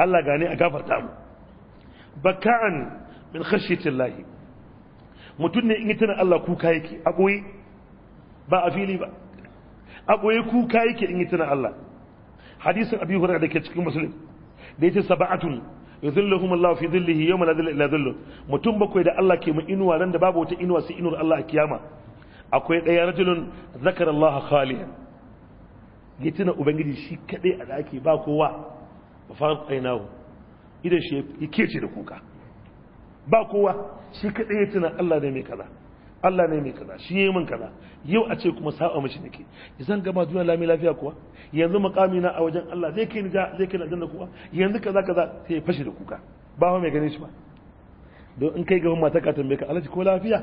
S1: Allah gane a gafarta mu baka'an min khashyati lahi mutum ne in yi tunan Allah kuka yake a ɓoye ba a fili ba a ɓoye kuka yake in yi tunan Allah hadisin abi hurairah da ke cikin muslim da yace sab'atun yuzilluhum Allah fi dhillihi yawma la dhillu mutum bakwai da Allah ke mu inuwa ran da babu wata inuwa sai inuwar Allah a kiyama akwai daya rajulun zakara Allah khaliyan ya tuna ubangiji shi kadai a daki ba kowa ba fara kainahu idan shi yake ce da kuka ba kowa shi kadai ya tuna Allah ne mai kaza Allah ne mai kaza shi yayi min kaza yau a ce kuma sa'a mishi nake zan gama duniya lami lafiya kuwa yanzu makami na a wajen Allah zai kai ni zai kai ni aljanna kuwa yanzu kaza kaza sai fashi da kuka ba mai gani shi ba don in kai gaban mata ka tambaye ka alaji ko lafiya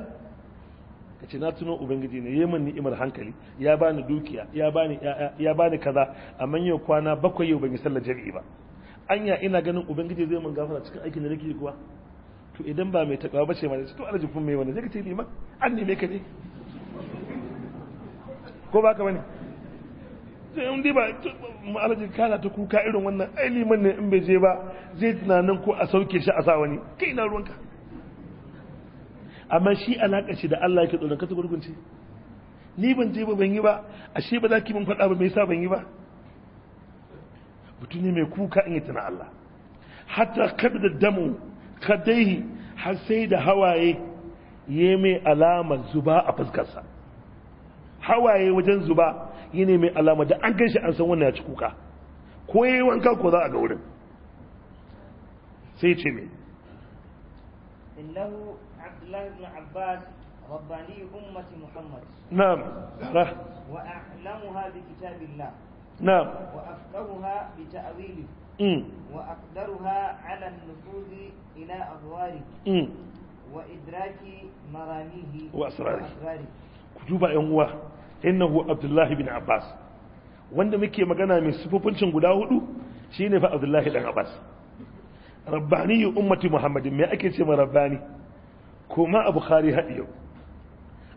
S1: ka ce na tuno ubangiji ne yayi min ni'imar hankali ya bani dukiya ya bani ya bani kaza amma yau kwana bakwai yau ban yi sallar jari ba anya ina ganin ubangiji zai min gafara cikin aikin da nake kuwa to idan ba mai takawa ce mana to arjufin mai wani zai ka ce liman an neme ka ne ko ba ka wani zai in dai ba ma'alajin kana ta kuka irin wannan ai liman ne in bai je ba zai tunanin ko a sauke shi a sa wani kai na ruwanka amma shi alaka shi da Allah yake tsoron kasa gurgunci ni ban je ba ban yi ba a shi ba za ki min faɗa ba me sa ban yi ba mutum ne mai kuka in yi tana Allah hatta kabda damu Kadai har sai da hawaye ya mai alama zuba a fuskarsa hawaye wajen zuba ya ne mai alama da an ganshi an san wannan ya ci kuka ko ya yi wanka ko za a ga wurin sai ce mai
S2: innahu abdullahi ibn abbas rabbani ummati muhammad na'am wa a'lamuha bi kitabillah na'am wa afqahuha bi ta'wilihi وأقدرها على النفوذ إلى أظهاره وإدراك مراميه وأسراره
S1: إنه عبد الله بن عباس wanda muke magana mai sufufuncin guda hudu shine fa Abdullahi dan Abbas rabbani ummati muhammadin me ake ce ma rabbani kuma a bukhari hadi yau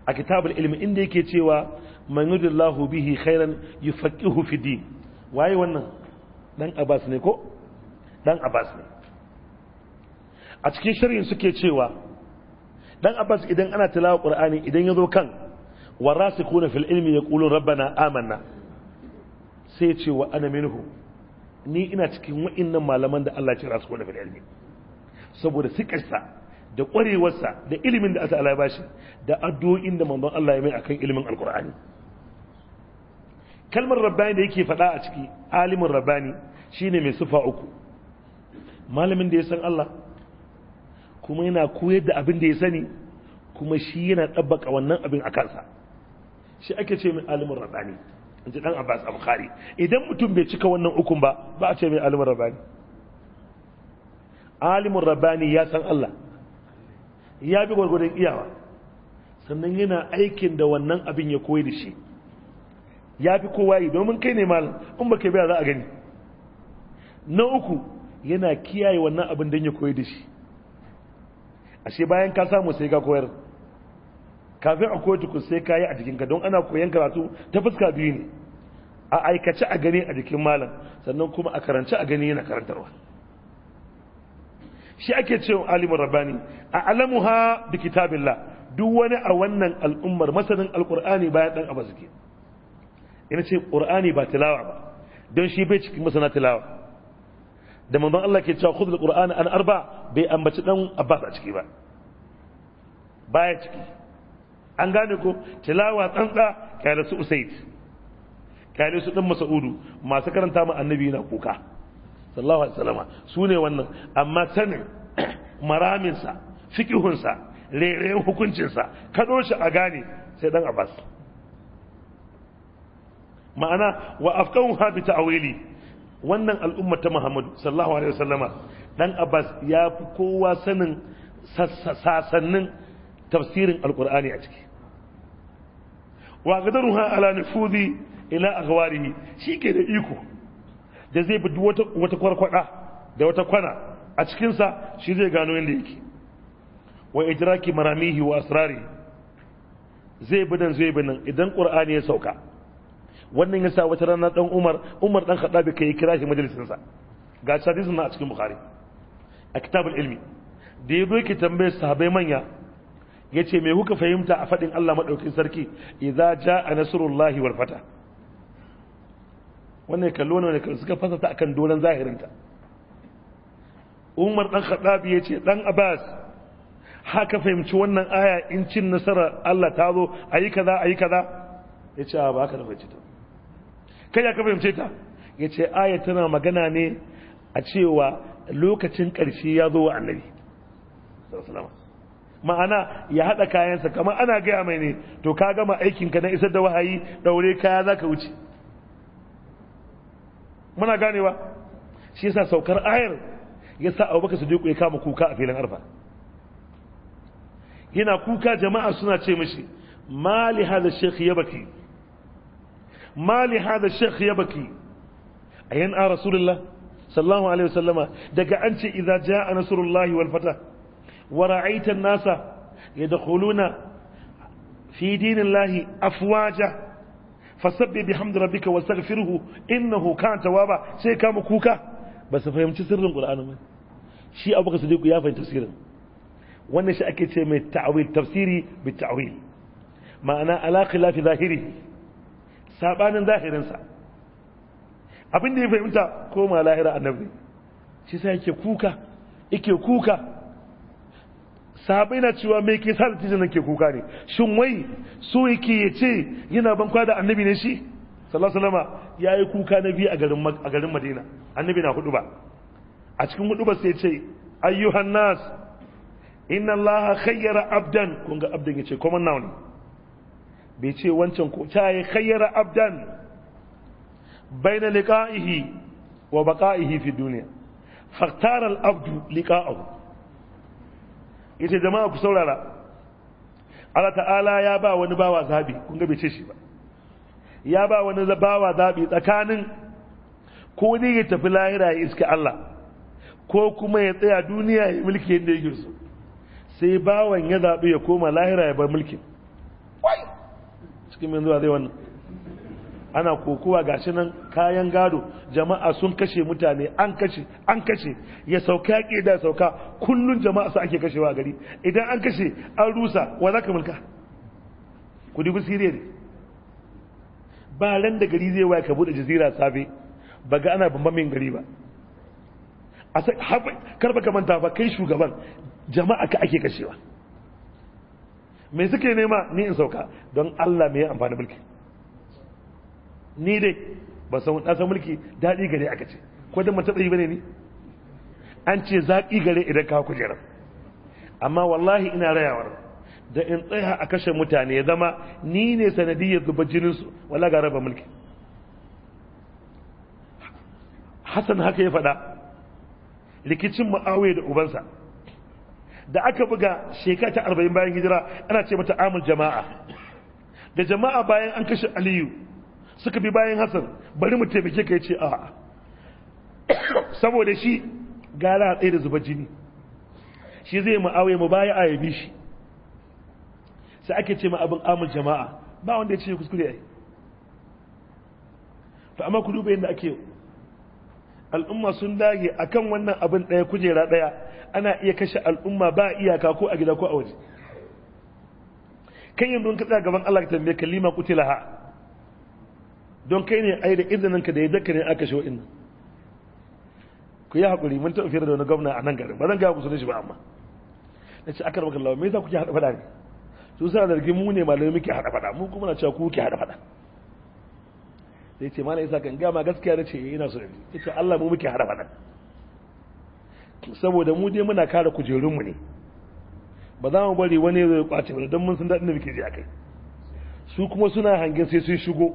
S1: a kitabul ilmi inda yake cewa man yudillahu bihi khairan yufaqihu fi din waye wannan dan abbas ne ko dan abbas ne a cikin shirin suke cewa dan abbas idan ana tilawa qur'ani idan yazo kan warasikuna fil ilmi yaqulu rabbana amanna sai ce wa ana minhu ni ina cikin wa'annan malaman da Allah ya rasu fil ilmi saboda sikarsa da ƙwarewarsa da ilimin da Allah ya bashi da addu'o'in da manzon Allah ya mai akan ilimin alqur'ani kalmar rabbani da yake faɗa a ciki alimin rabbani shine mai sufa uku malamin da ya san Allah kuma yana koyar da abin da ya sani kuma shi yana ɗabbaka wannan abin a kansa shi ake ce mai alimin rabbani in ji ɗan abbas abukhari idan mutum bai cika wannan ukun ba ba a ce mai alimin rabbani alimin rabbani ya san Allah ya bi gwargwadon iyawa sannan yana aikin da wannan abin ya koyi da shi ya fi kowa yi domin kai ne malam in ba kai biya za a gani na uku yana kiyaye wannan abin don ya koyi da shi ashe bayan ka samu sai ka koyar kafin a koyi tukun sai ka yi a jikinka don ana koyan karatu ta fuska biyu ne a aikace a gani a jikin malam sannan kuma a karance a gani yana karantarwa shi ake ce cewa alimun rabani a alamuha bikita biLla duk wani a wannan al'ummar masanin alkur'ani bayan dan abaziki ina ce qur'ani ba tilawa ba don shi bai cikin masana tilawa da manzon Allah ke cewa khudh alquran an arba bai ambaci dan Abbas a ciki ba baya ciki an gane ko tilawa tsantsa kyale su Usaid kyale su dan masa'udu masu karanta mu annabi na kuka sallallahu alaihi wasallama ne wannan amma sanin maraminsa fikihunsa rere hukuncinsa kaɗo shi a gane sai dan Abbas ma'ana wa afkan ha bi ta'wili wannan al'ummar ta Muhammadu sallallahu alaihi wasallama dan Abbas ya fi kowa sanin sasannin tafsirin alqur'ani a ciki wa ha ala nufudi ila aghwarihi ke da iko da zai bi wata wata kwarkwada da wata kwana a cikin sa shi zai gano yanda yake wa idraki maramihi wa asrari zai bi dan zai bi nan idan qur'ani ya sauka wannan ya sa wata rana dan Umar Umar dan Khattabi kai kira shi majalisin sa ga hadisin na a cikin Bukhari a kitabul ilmi da yazo yake tambaye sahabbai manya yace me kuka fahimta a fadin Allah madaukin sarki idza jaa nasrullahi wal fatah wannan kallo ne wanda suka fasata akan dolan zahirinta Umar dan Khattabi yace dan Abbas haka fahimci wannan aya in cin nasara Allah ta zo a yi kaza a yi kaza ya ce ba haka na fahimci kai ya ka fahimce ta ya ce aya tana magana ne a cewa lokacin ƙarshe ya zo wa annabi ma'ana ya haɗa kayansa kamar ana gaya mai ne to ka gama aikinka na isar da wahayi ɗaure kaya za ka wuce muna ganewa shi yasa saukar ayar ya sa baka su ya kama kuka a filin arfa yana kuka jama'a suna ce mashi mali hada shekhi ya baki ma li hada yabaki. yabki ayan a ah, rasulullah sallallahu alaihi wasallama daga an ce idza jaa nasrullahi wal fatah wa ra'aita an-nasa yadkhuluna fi dinillahi afwaja fasabbi bihamdi rabbika wastaghfirhu innahu kana tawwaba sai kama kuka ba su fahimci sirrin qur'ani ba shi abubakar sadiq ya fahimci tafsirin wannan shi ake ce mai ta'wil tafsiri bi ta'wil ma'ana ala khilafi zahiri sabanin zahirinsa abin da ya fahimta koma lahira annabi shi sai yake kuka yake kuka sabai na cewa me ke sa tijin nan ke kuka ne shin wai so yake ya ce yana bankwa da annabi ne shi sallallahu alaihi wasallam ya yi kuka na biyu a garin madina annabi na hudu ba a cikin hudu ba sai ce ayyuhan nas inna allaha khayyara abdan kun ga abdan yace common noun bai ce wancan ko ta yi khayyara abdan baina liƙa'ihi wa baƙa'ihi fi duniya faktarar abdu liƙa'ahu Ya ce jama'a ku saurara Allah ta'ala ya ba wani bawa zaɓi kun ga bai ce shi ba ya ba wani bawa zaɓi tsakanin ko ne ya tafi lahira ya iska Allah ko kuma ya tsaya duniya ya mulki yadda yake so sai bawan ya zaɓi ya koma lahira ya bar mulkin cikin min zuwa zai wannan ana kokowa gashi nan kayan gado jama'a sun kashe mutane an kashe an kashe ya sauka ya ƙeda sauka kullun jama'a su ake kashewa gari idan an kashe an rusa wa za ka mulka ku dubi siriya ne ba ran da gari zai waya ka buɗe jazira safe ba ga ana min gari ba karba ka manta ba kai shugaban jama'a ka ake kashewa me suke nema ni in sauka don Allah mai ya amfani mulki ni dai ba san na mulki daɗi gare aka ce ko dan mata tsayi bane ni an ce zaƙi gare idan ka kujerar amma wallahi ina rayawar da in tsaya a kashe mutane ya zama ni ne sanadiyyar zuba jininsu wala ga raba mulki hassan haka ya faɗa rikicin ma'awai da ubansa da aka buga shekara ta arba'in bayan hijira ana ce mata amul jama'a da jama'a bayan an kashe aliyu suka bi bayan hassan bari mu taimake ka ce a saboda shi gara a tsaye da zuba jini shi zai ma'auye mu baya a yabi shi sai ake ce ma abin amul jama'a ba wanda ya ce kuskure ai fa amma ku duba yadda ake al'umma sun dage akan wannan abin daya kujera daya ana iya kashe al'umma ba iyaka ko a gida ko a waje kai yanzu ka tsaya gaban Allah ka tambaye kalima kutilaha don kai ne ai da izinin ka da yadda ka ne kashe wa'in ku yi hakuri mun taɓa da wani gwamna a nan garin ba zan ga ku sunan shi ba amma na ce aka rabu kallawa me ku ki hada faɗa ne su suna zargin mu ne malami muke hada faɗa mu kuma na cewa ku ki hada faɗa sai ce mana isa kan gama gaskiya da ce eh, ina so yanzu ya ce Allah mu muke haraba nan saboda mu dai muna kare kujerunmu ne ba za mu bari wani zai kwace wani don mun sun daɗin da muke ji a kai su kuma suna hangen sai sun shigo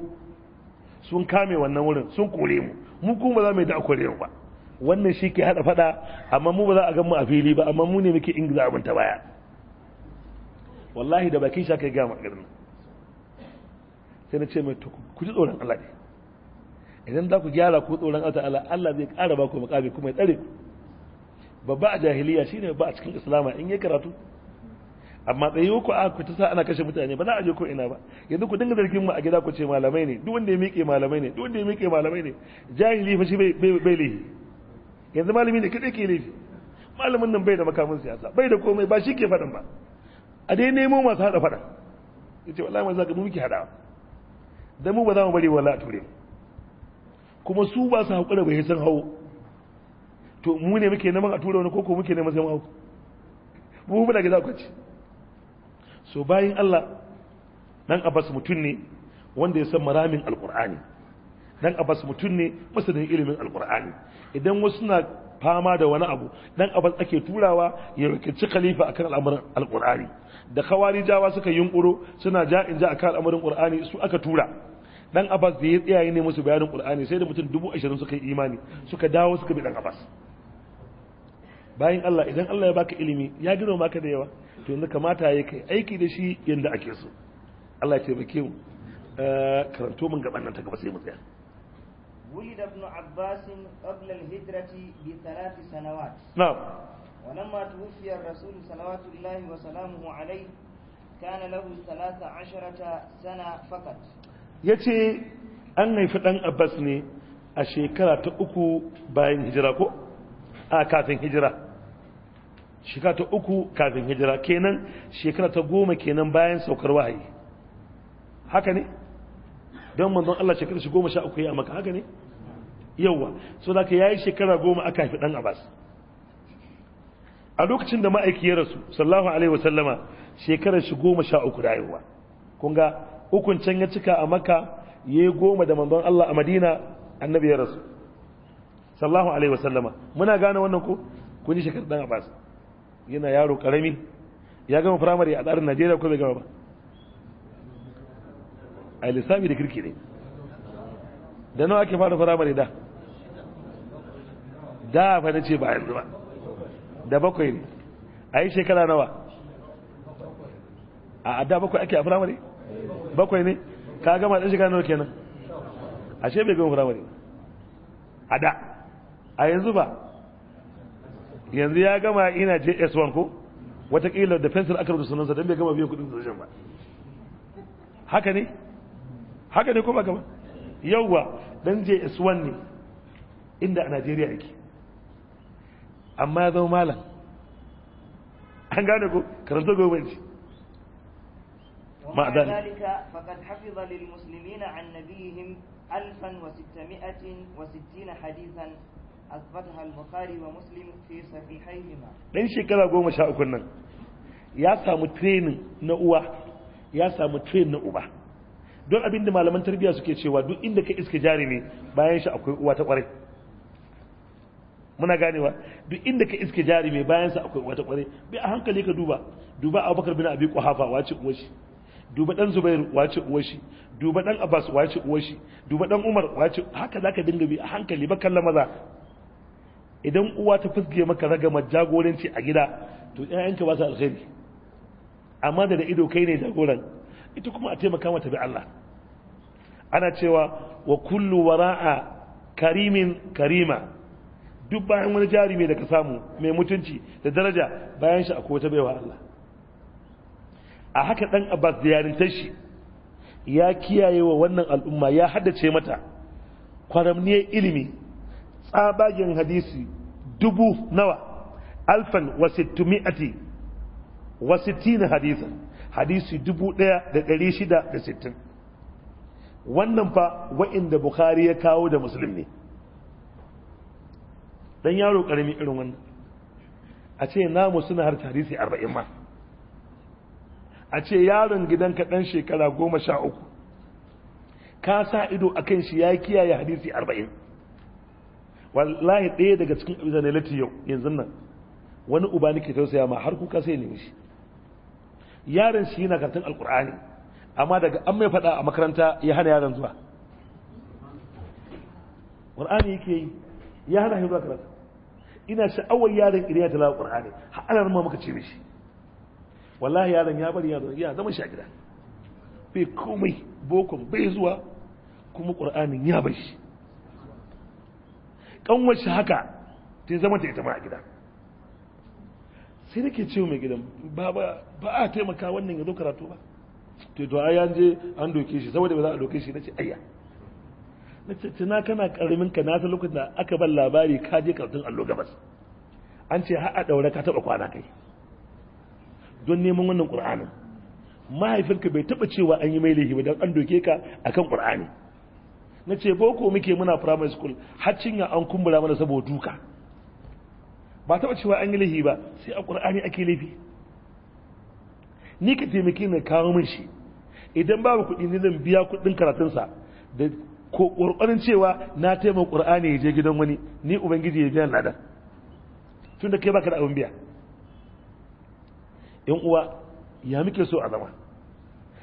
S1: sun kame wannan wurin sun kore mu mu kuma ba za mu yi da kore mu ba wannan shi ke haɗa faɗa amma mu ba za a gan mu a fili ba amma mu ne muke ingiza abin ta baya wallahi da bakin shi aka gama garin sai na ce mai ku ji tsoron Allah ne idan za ku gyara ku tsoron Allah ta'ala Allah zai ƙara ba ku makabi kuma ya tsare babba a jahiliya shine ba a cikin islama in yi karatu amma tsaye ku a ku ta sa ana kashe mutane ba za a je ko ina ba yanzu ku dinga zargin mu a gida ku ce malamai ne duk wanda ya miƙe malamai ne duk wanda ya miƙe malamai ne jahili fa shi bai lihi yanzu malami ne kaɗai ke lihi malamin nan bai da makamin siyasa bai da komai ba shi ke faɗin ba a dai nemo masu haɗa faɗa ya ce wallahi mai zaka mu muke haɗawa dan mu ba za mu bari wala a ture mu kuma su ba su haƙura bai san hau to mu ne muke neman a tura wani koko muke neman sai hau mu muna ga za ku so bayan Allah dan Abbas mutun ne wanda ya san maramin alqur'ani dan Abbas mutun ne masanin ilimin alqur'ani idan wasu suna fama da wani abu dan Abbas ake turawa ya rikici khalifa akan al'amarin alqur'ani da khawarijawa suka yunkuro suna ja'in ja akan al'amarin qur'ani su aka tura dan abbas da ya tsaya ne musu bayanin qur'ani sai da mutum dubu ashirin suka yi imani suka dawo suka bi dan abbas bayan allah idan allah ya baka ilimi ya gino maka da yawa to yanzu kamata ya kai aiki da shi yanda ake so allah ya taimake mu eh, karanto mun gaban nan ta gaba sai mu tsaya
S2: ولد ابن عباس قبل الهجرة بثلاث سنوات نعم ولما توفي الرسول صلوات الله وسلامه عليه كان له ثلاث عشرة سنة فقط
S1: ya ce an haifi ɗan abbas ne a shekara ta uku bayan hijira ko a kafin hijira shekara ta uku kafin hijira kenan shekara ta goma kenan bayan saukar wahayi haka ne don manzon Allah shekara shi goma sha uku ya maka haka ne yauwa so da ka yayi shekara goma aka haifi ɗan abbas a lokacin da ma'aiki ya rasu sallahu alaihi wasallama shekarar shi goma sha uku da haihuwa kun ga hukuncin ya cika a maka ya yi goma da manzon Allah a madina annabi ya rasu sallahu alaihi wasallama muna gane wannan ko kun yi shekaru dan abbas yana yaro karami ya gama firamare a tsarin najeriya ko bai gama ba a lissafi da kirki ne da nawa ake fara firamare da da fa ce ba yanzu ba da bakwai ne a yi shekara nawa a da bakwai ake a firamare bakwai ne ka gama ɗan shiga nawa kenan ashe bai gama firamare a da a yanzu ba yanzu ya gama ina js1 ko watakila da fensir aka rubuta sunansa don bai gama biyan kudin zashen ba haka ne haka ne kuma gama yauwa don js1 ne inda a najeriya yake amma ya zama malam an gane ko karanta gobe ne
S2: ومع ذلك فقد حفظ للمسلمين عن نبيهم 1660 حديثا أثبتها البخاري ومسلم في صحيحيهما
S1: ɗan shekara goma sha uku nan ya samu training na uwa ya samu train na uba don abin da malaman tarbiyya suke cewa duk inda ka iska jari ne bayan shi akwai uwa ta kwarai muna ganewa duk inda ka iska jari mai bayan sa akwai uwa ta kwarai bi a hankali ka duba duba abubakar bin abi kuhafa wace uwa shi duba dan zubair wace uwar shi duba dan abbas wace uwar shi duba dan umar wace haka zaka dinga bi a hankali ba kallon maza idan uwa ta fuske maka ragamar jagoranci a gida to ƴaƴanka ba su alheri amma da da ido kai ne jagoran ita kuma a taimaka mata bi Allah ana cewa wa kullu wara'a karimin karima duk bayan wani jarumi da ka samu mai mutunci da daraja bayan shi akwai ta baiwa Allah a haka ɗan abbas da yarintar shi ya kiyaye wa wannan al'umma ya haddace mata kwaramniyar ilimi tsabagen hadisi dubu nawa alfan wasittumi'ati wasittina hadisa hadisi dubu ɗaya da ɗari shida da sittin wannan fa wa'inda bukhari ya kawo da musulun ne dan yaro ƙarami irin wannan a ce namu suna harta hadisi arba'in ma a ce yaron gidanka ɗan shekara goma sha uku ka sa ido a kan shi ya kiyaye hadisi arba'in wallahi ɗaya daga cikin zanelati yau yanzu nan wani uba nake tausaya ma har kuka sai nemi shi yaron shi yana karatun alkur'ani amma daga an mai faɗa a makaranta ya hana yaron zuwa qur'ani yake yi ya hana shi zuwa karatu ina sha'awar yaron idan ya talawa ƙur'ani har an ma muka ce mishi wallahi yaron ya bari yaron ya zama shi a gida bai komai bokon bai zuwa kuma ƙur'anin ya bai shi ƙanwar haka ta zama ta ita ma a gida sai nake ce mai gidan ba a taimaka wannan ya zo karatu ba to to ai an je an doke shi saboda ba za a doke shi nace ayya nace tuna kana karamin ka na san lokacin da aka bar labari ka je karatun allo gabas an ce har a daure ka taba kwana kai don neman wannan qur'anin mahaifinka bai taba cewa an yi mai laifi ba dan an doke ka a kan qur'ani na ce boko muke muna primary school har cinya an kumbura mana saboda duka ba taba cewa an yi laifi ba sai a qur'ani ake laifi ni ka taimaki na kawo min shi idan babu kuɗi ne zan biya kuɗin karatunsa da ko ƙwarƙwarin cewa na taimaka ƙur'ani ya je gidan wani ni ubangiji ya biya ladan tun da kai baka da abin biya yan uwa ya muke so a zama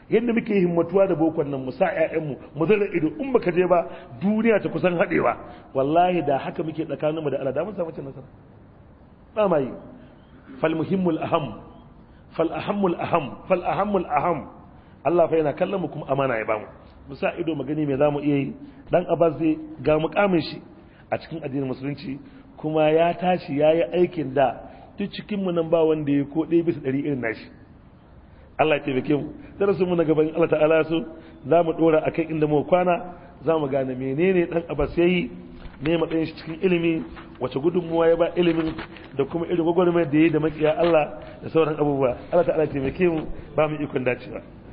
S1: yadda muke himmatuwa da bokon nan mu sa ƴaƴanmu mu zara ido in baka je ba duniya ta kusan haɗewa wallahi da haka muke tsakaninmu da Allah da mun samu cin ba ma yi fal muhimmul aham fal ahammul aham fal ahammul aham Allah fa yana kallon mu kuma amana ya bamu mu sa ido mu gani me zamu iya yi dan Abbas zai ga mukamin shi a cikin addinin musulunci kuma ya tashi yayi aikin da tu cikin mu nan ba wanda ya ko ɗaya bisa ɗari irin nashi Allah ya taimake mu darasin mu na gaban Allah ta'ala su za mu dora akan inda mu kwana za mu gane menene dan Abbas yayi me matsayin shi cikin ilimi wace gudunmuwa ya ba ilimin da kuma irin gwagwarmai da ya yayi da makiya Allah da sauran abubuwa Allah ta'ala ya taimake mu ba mu ikon dacewa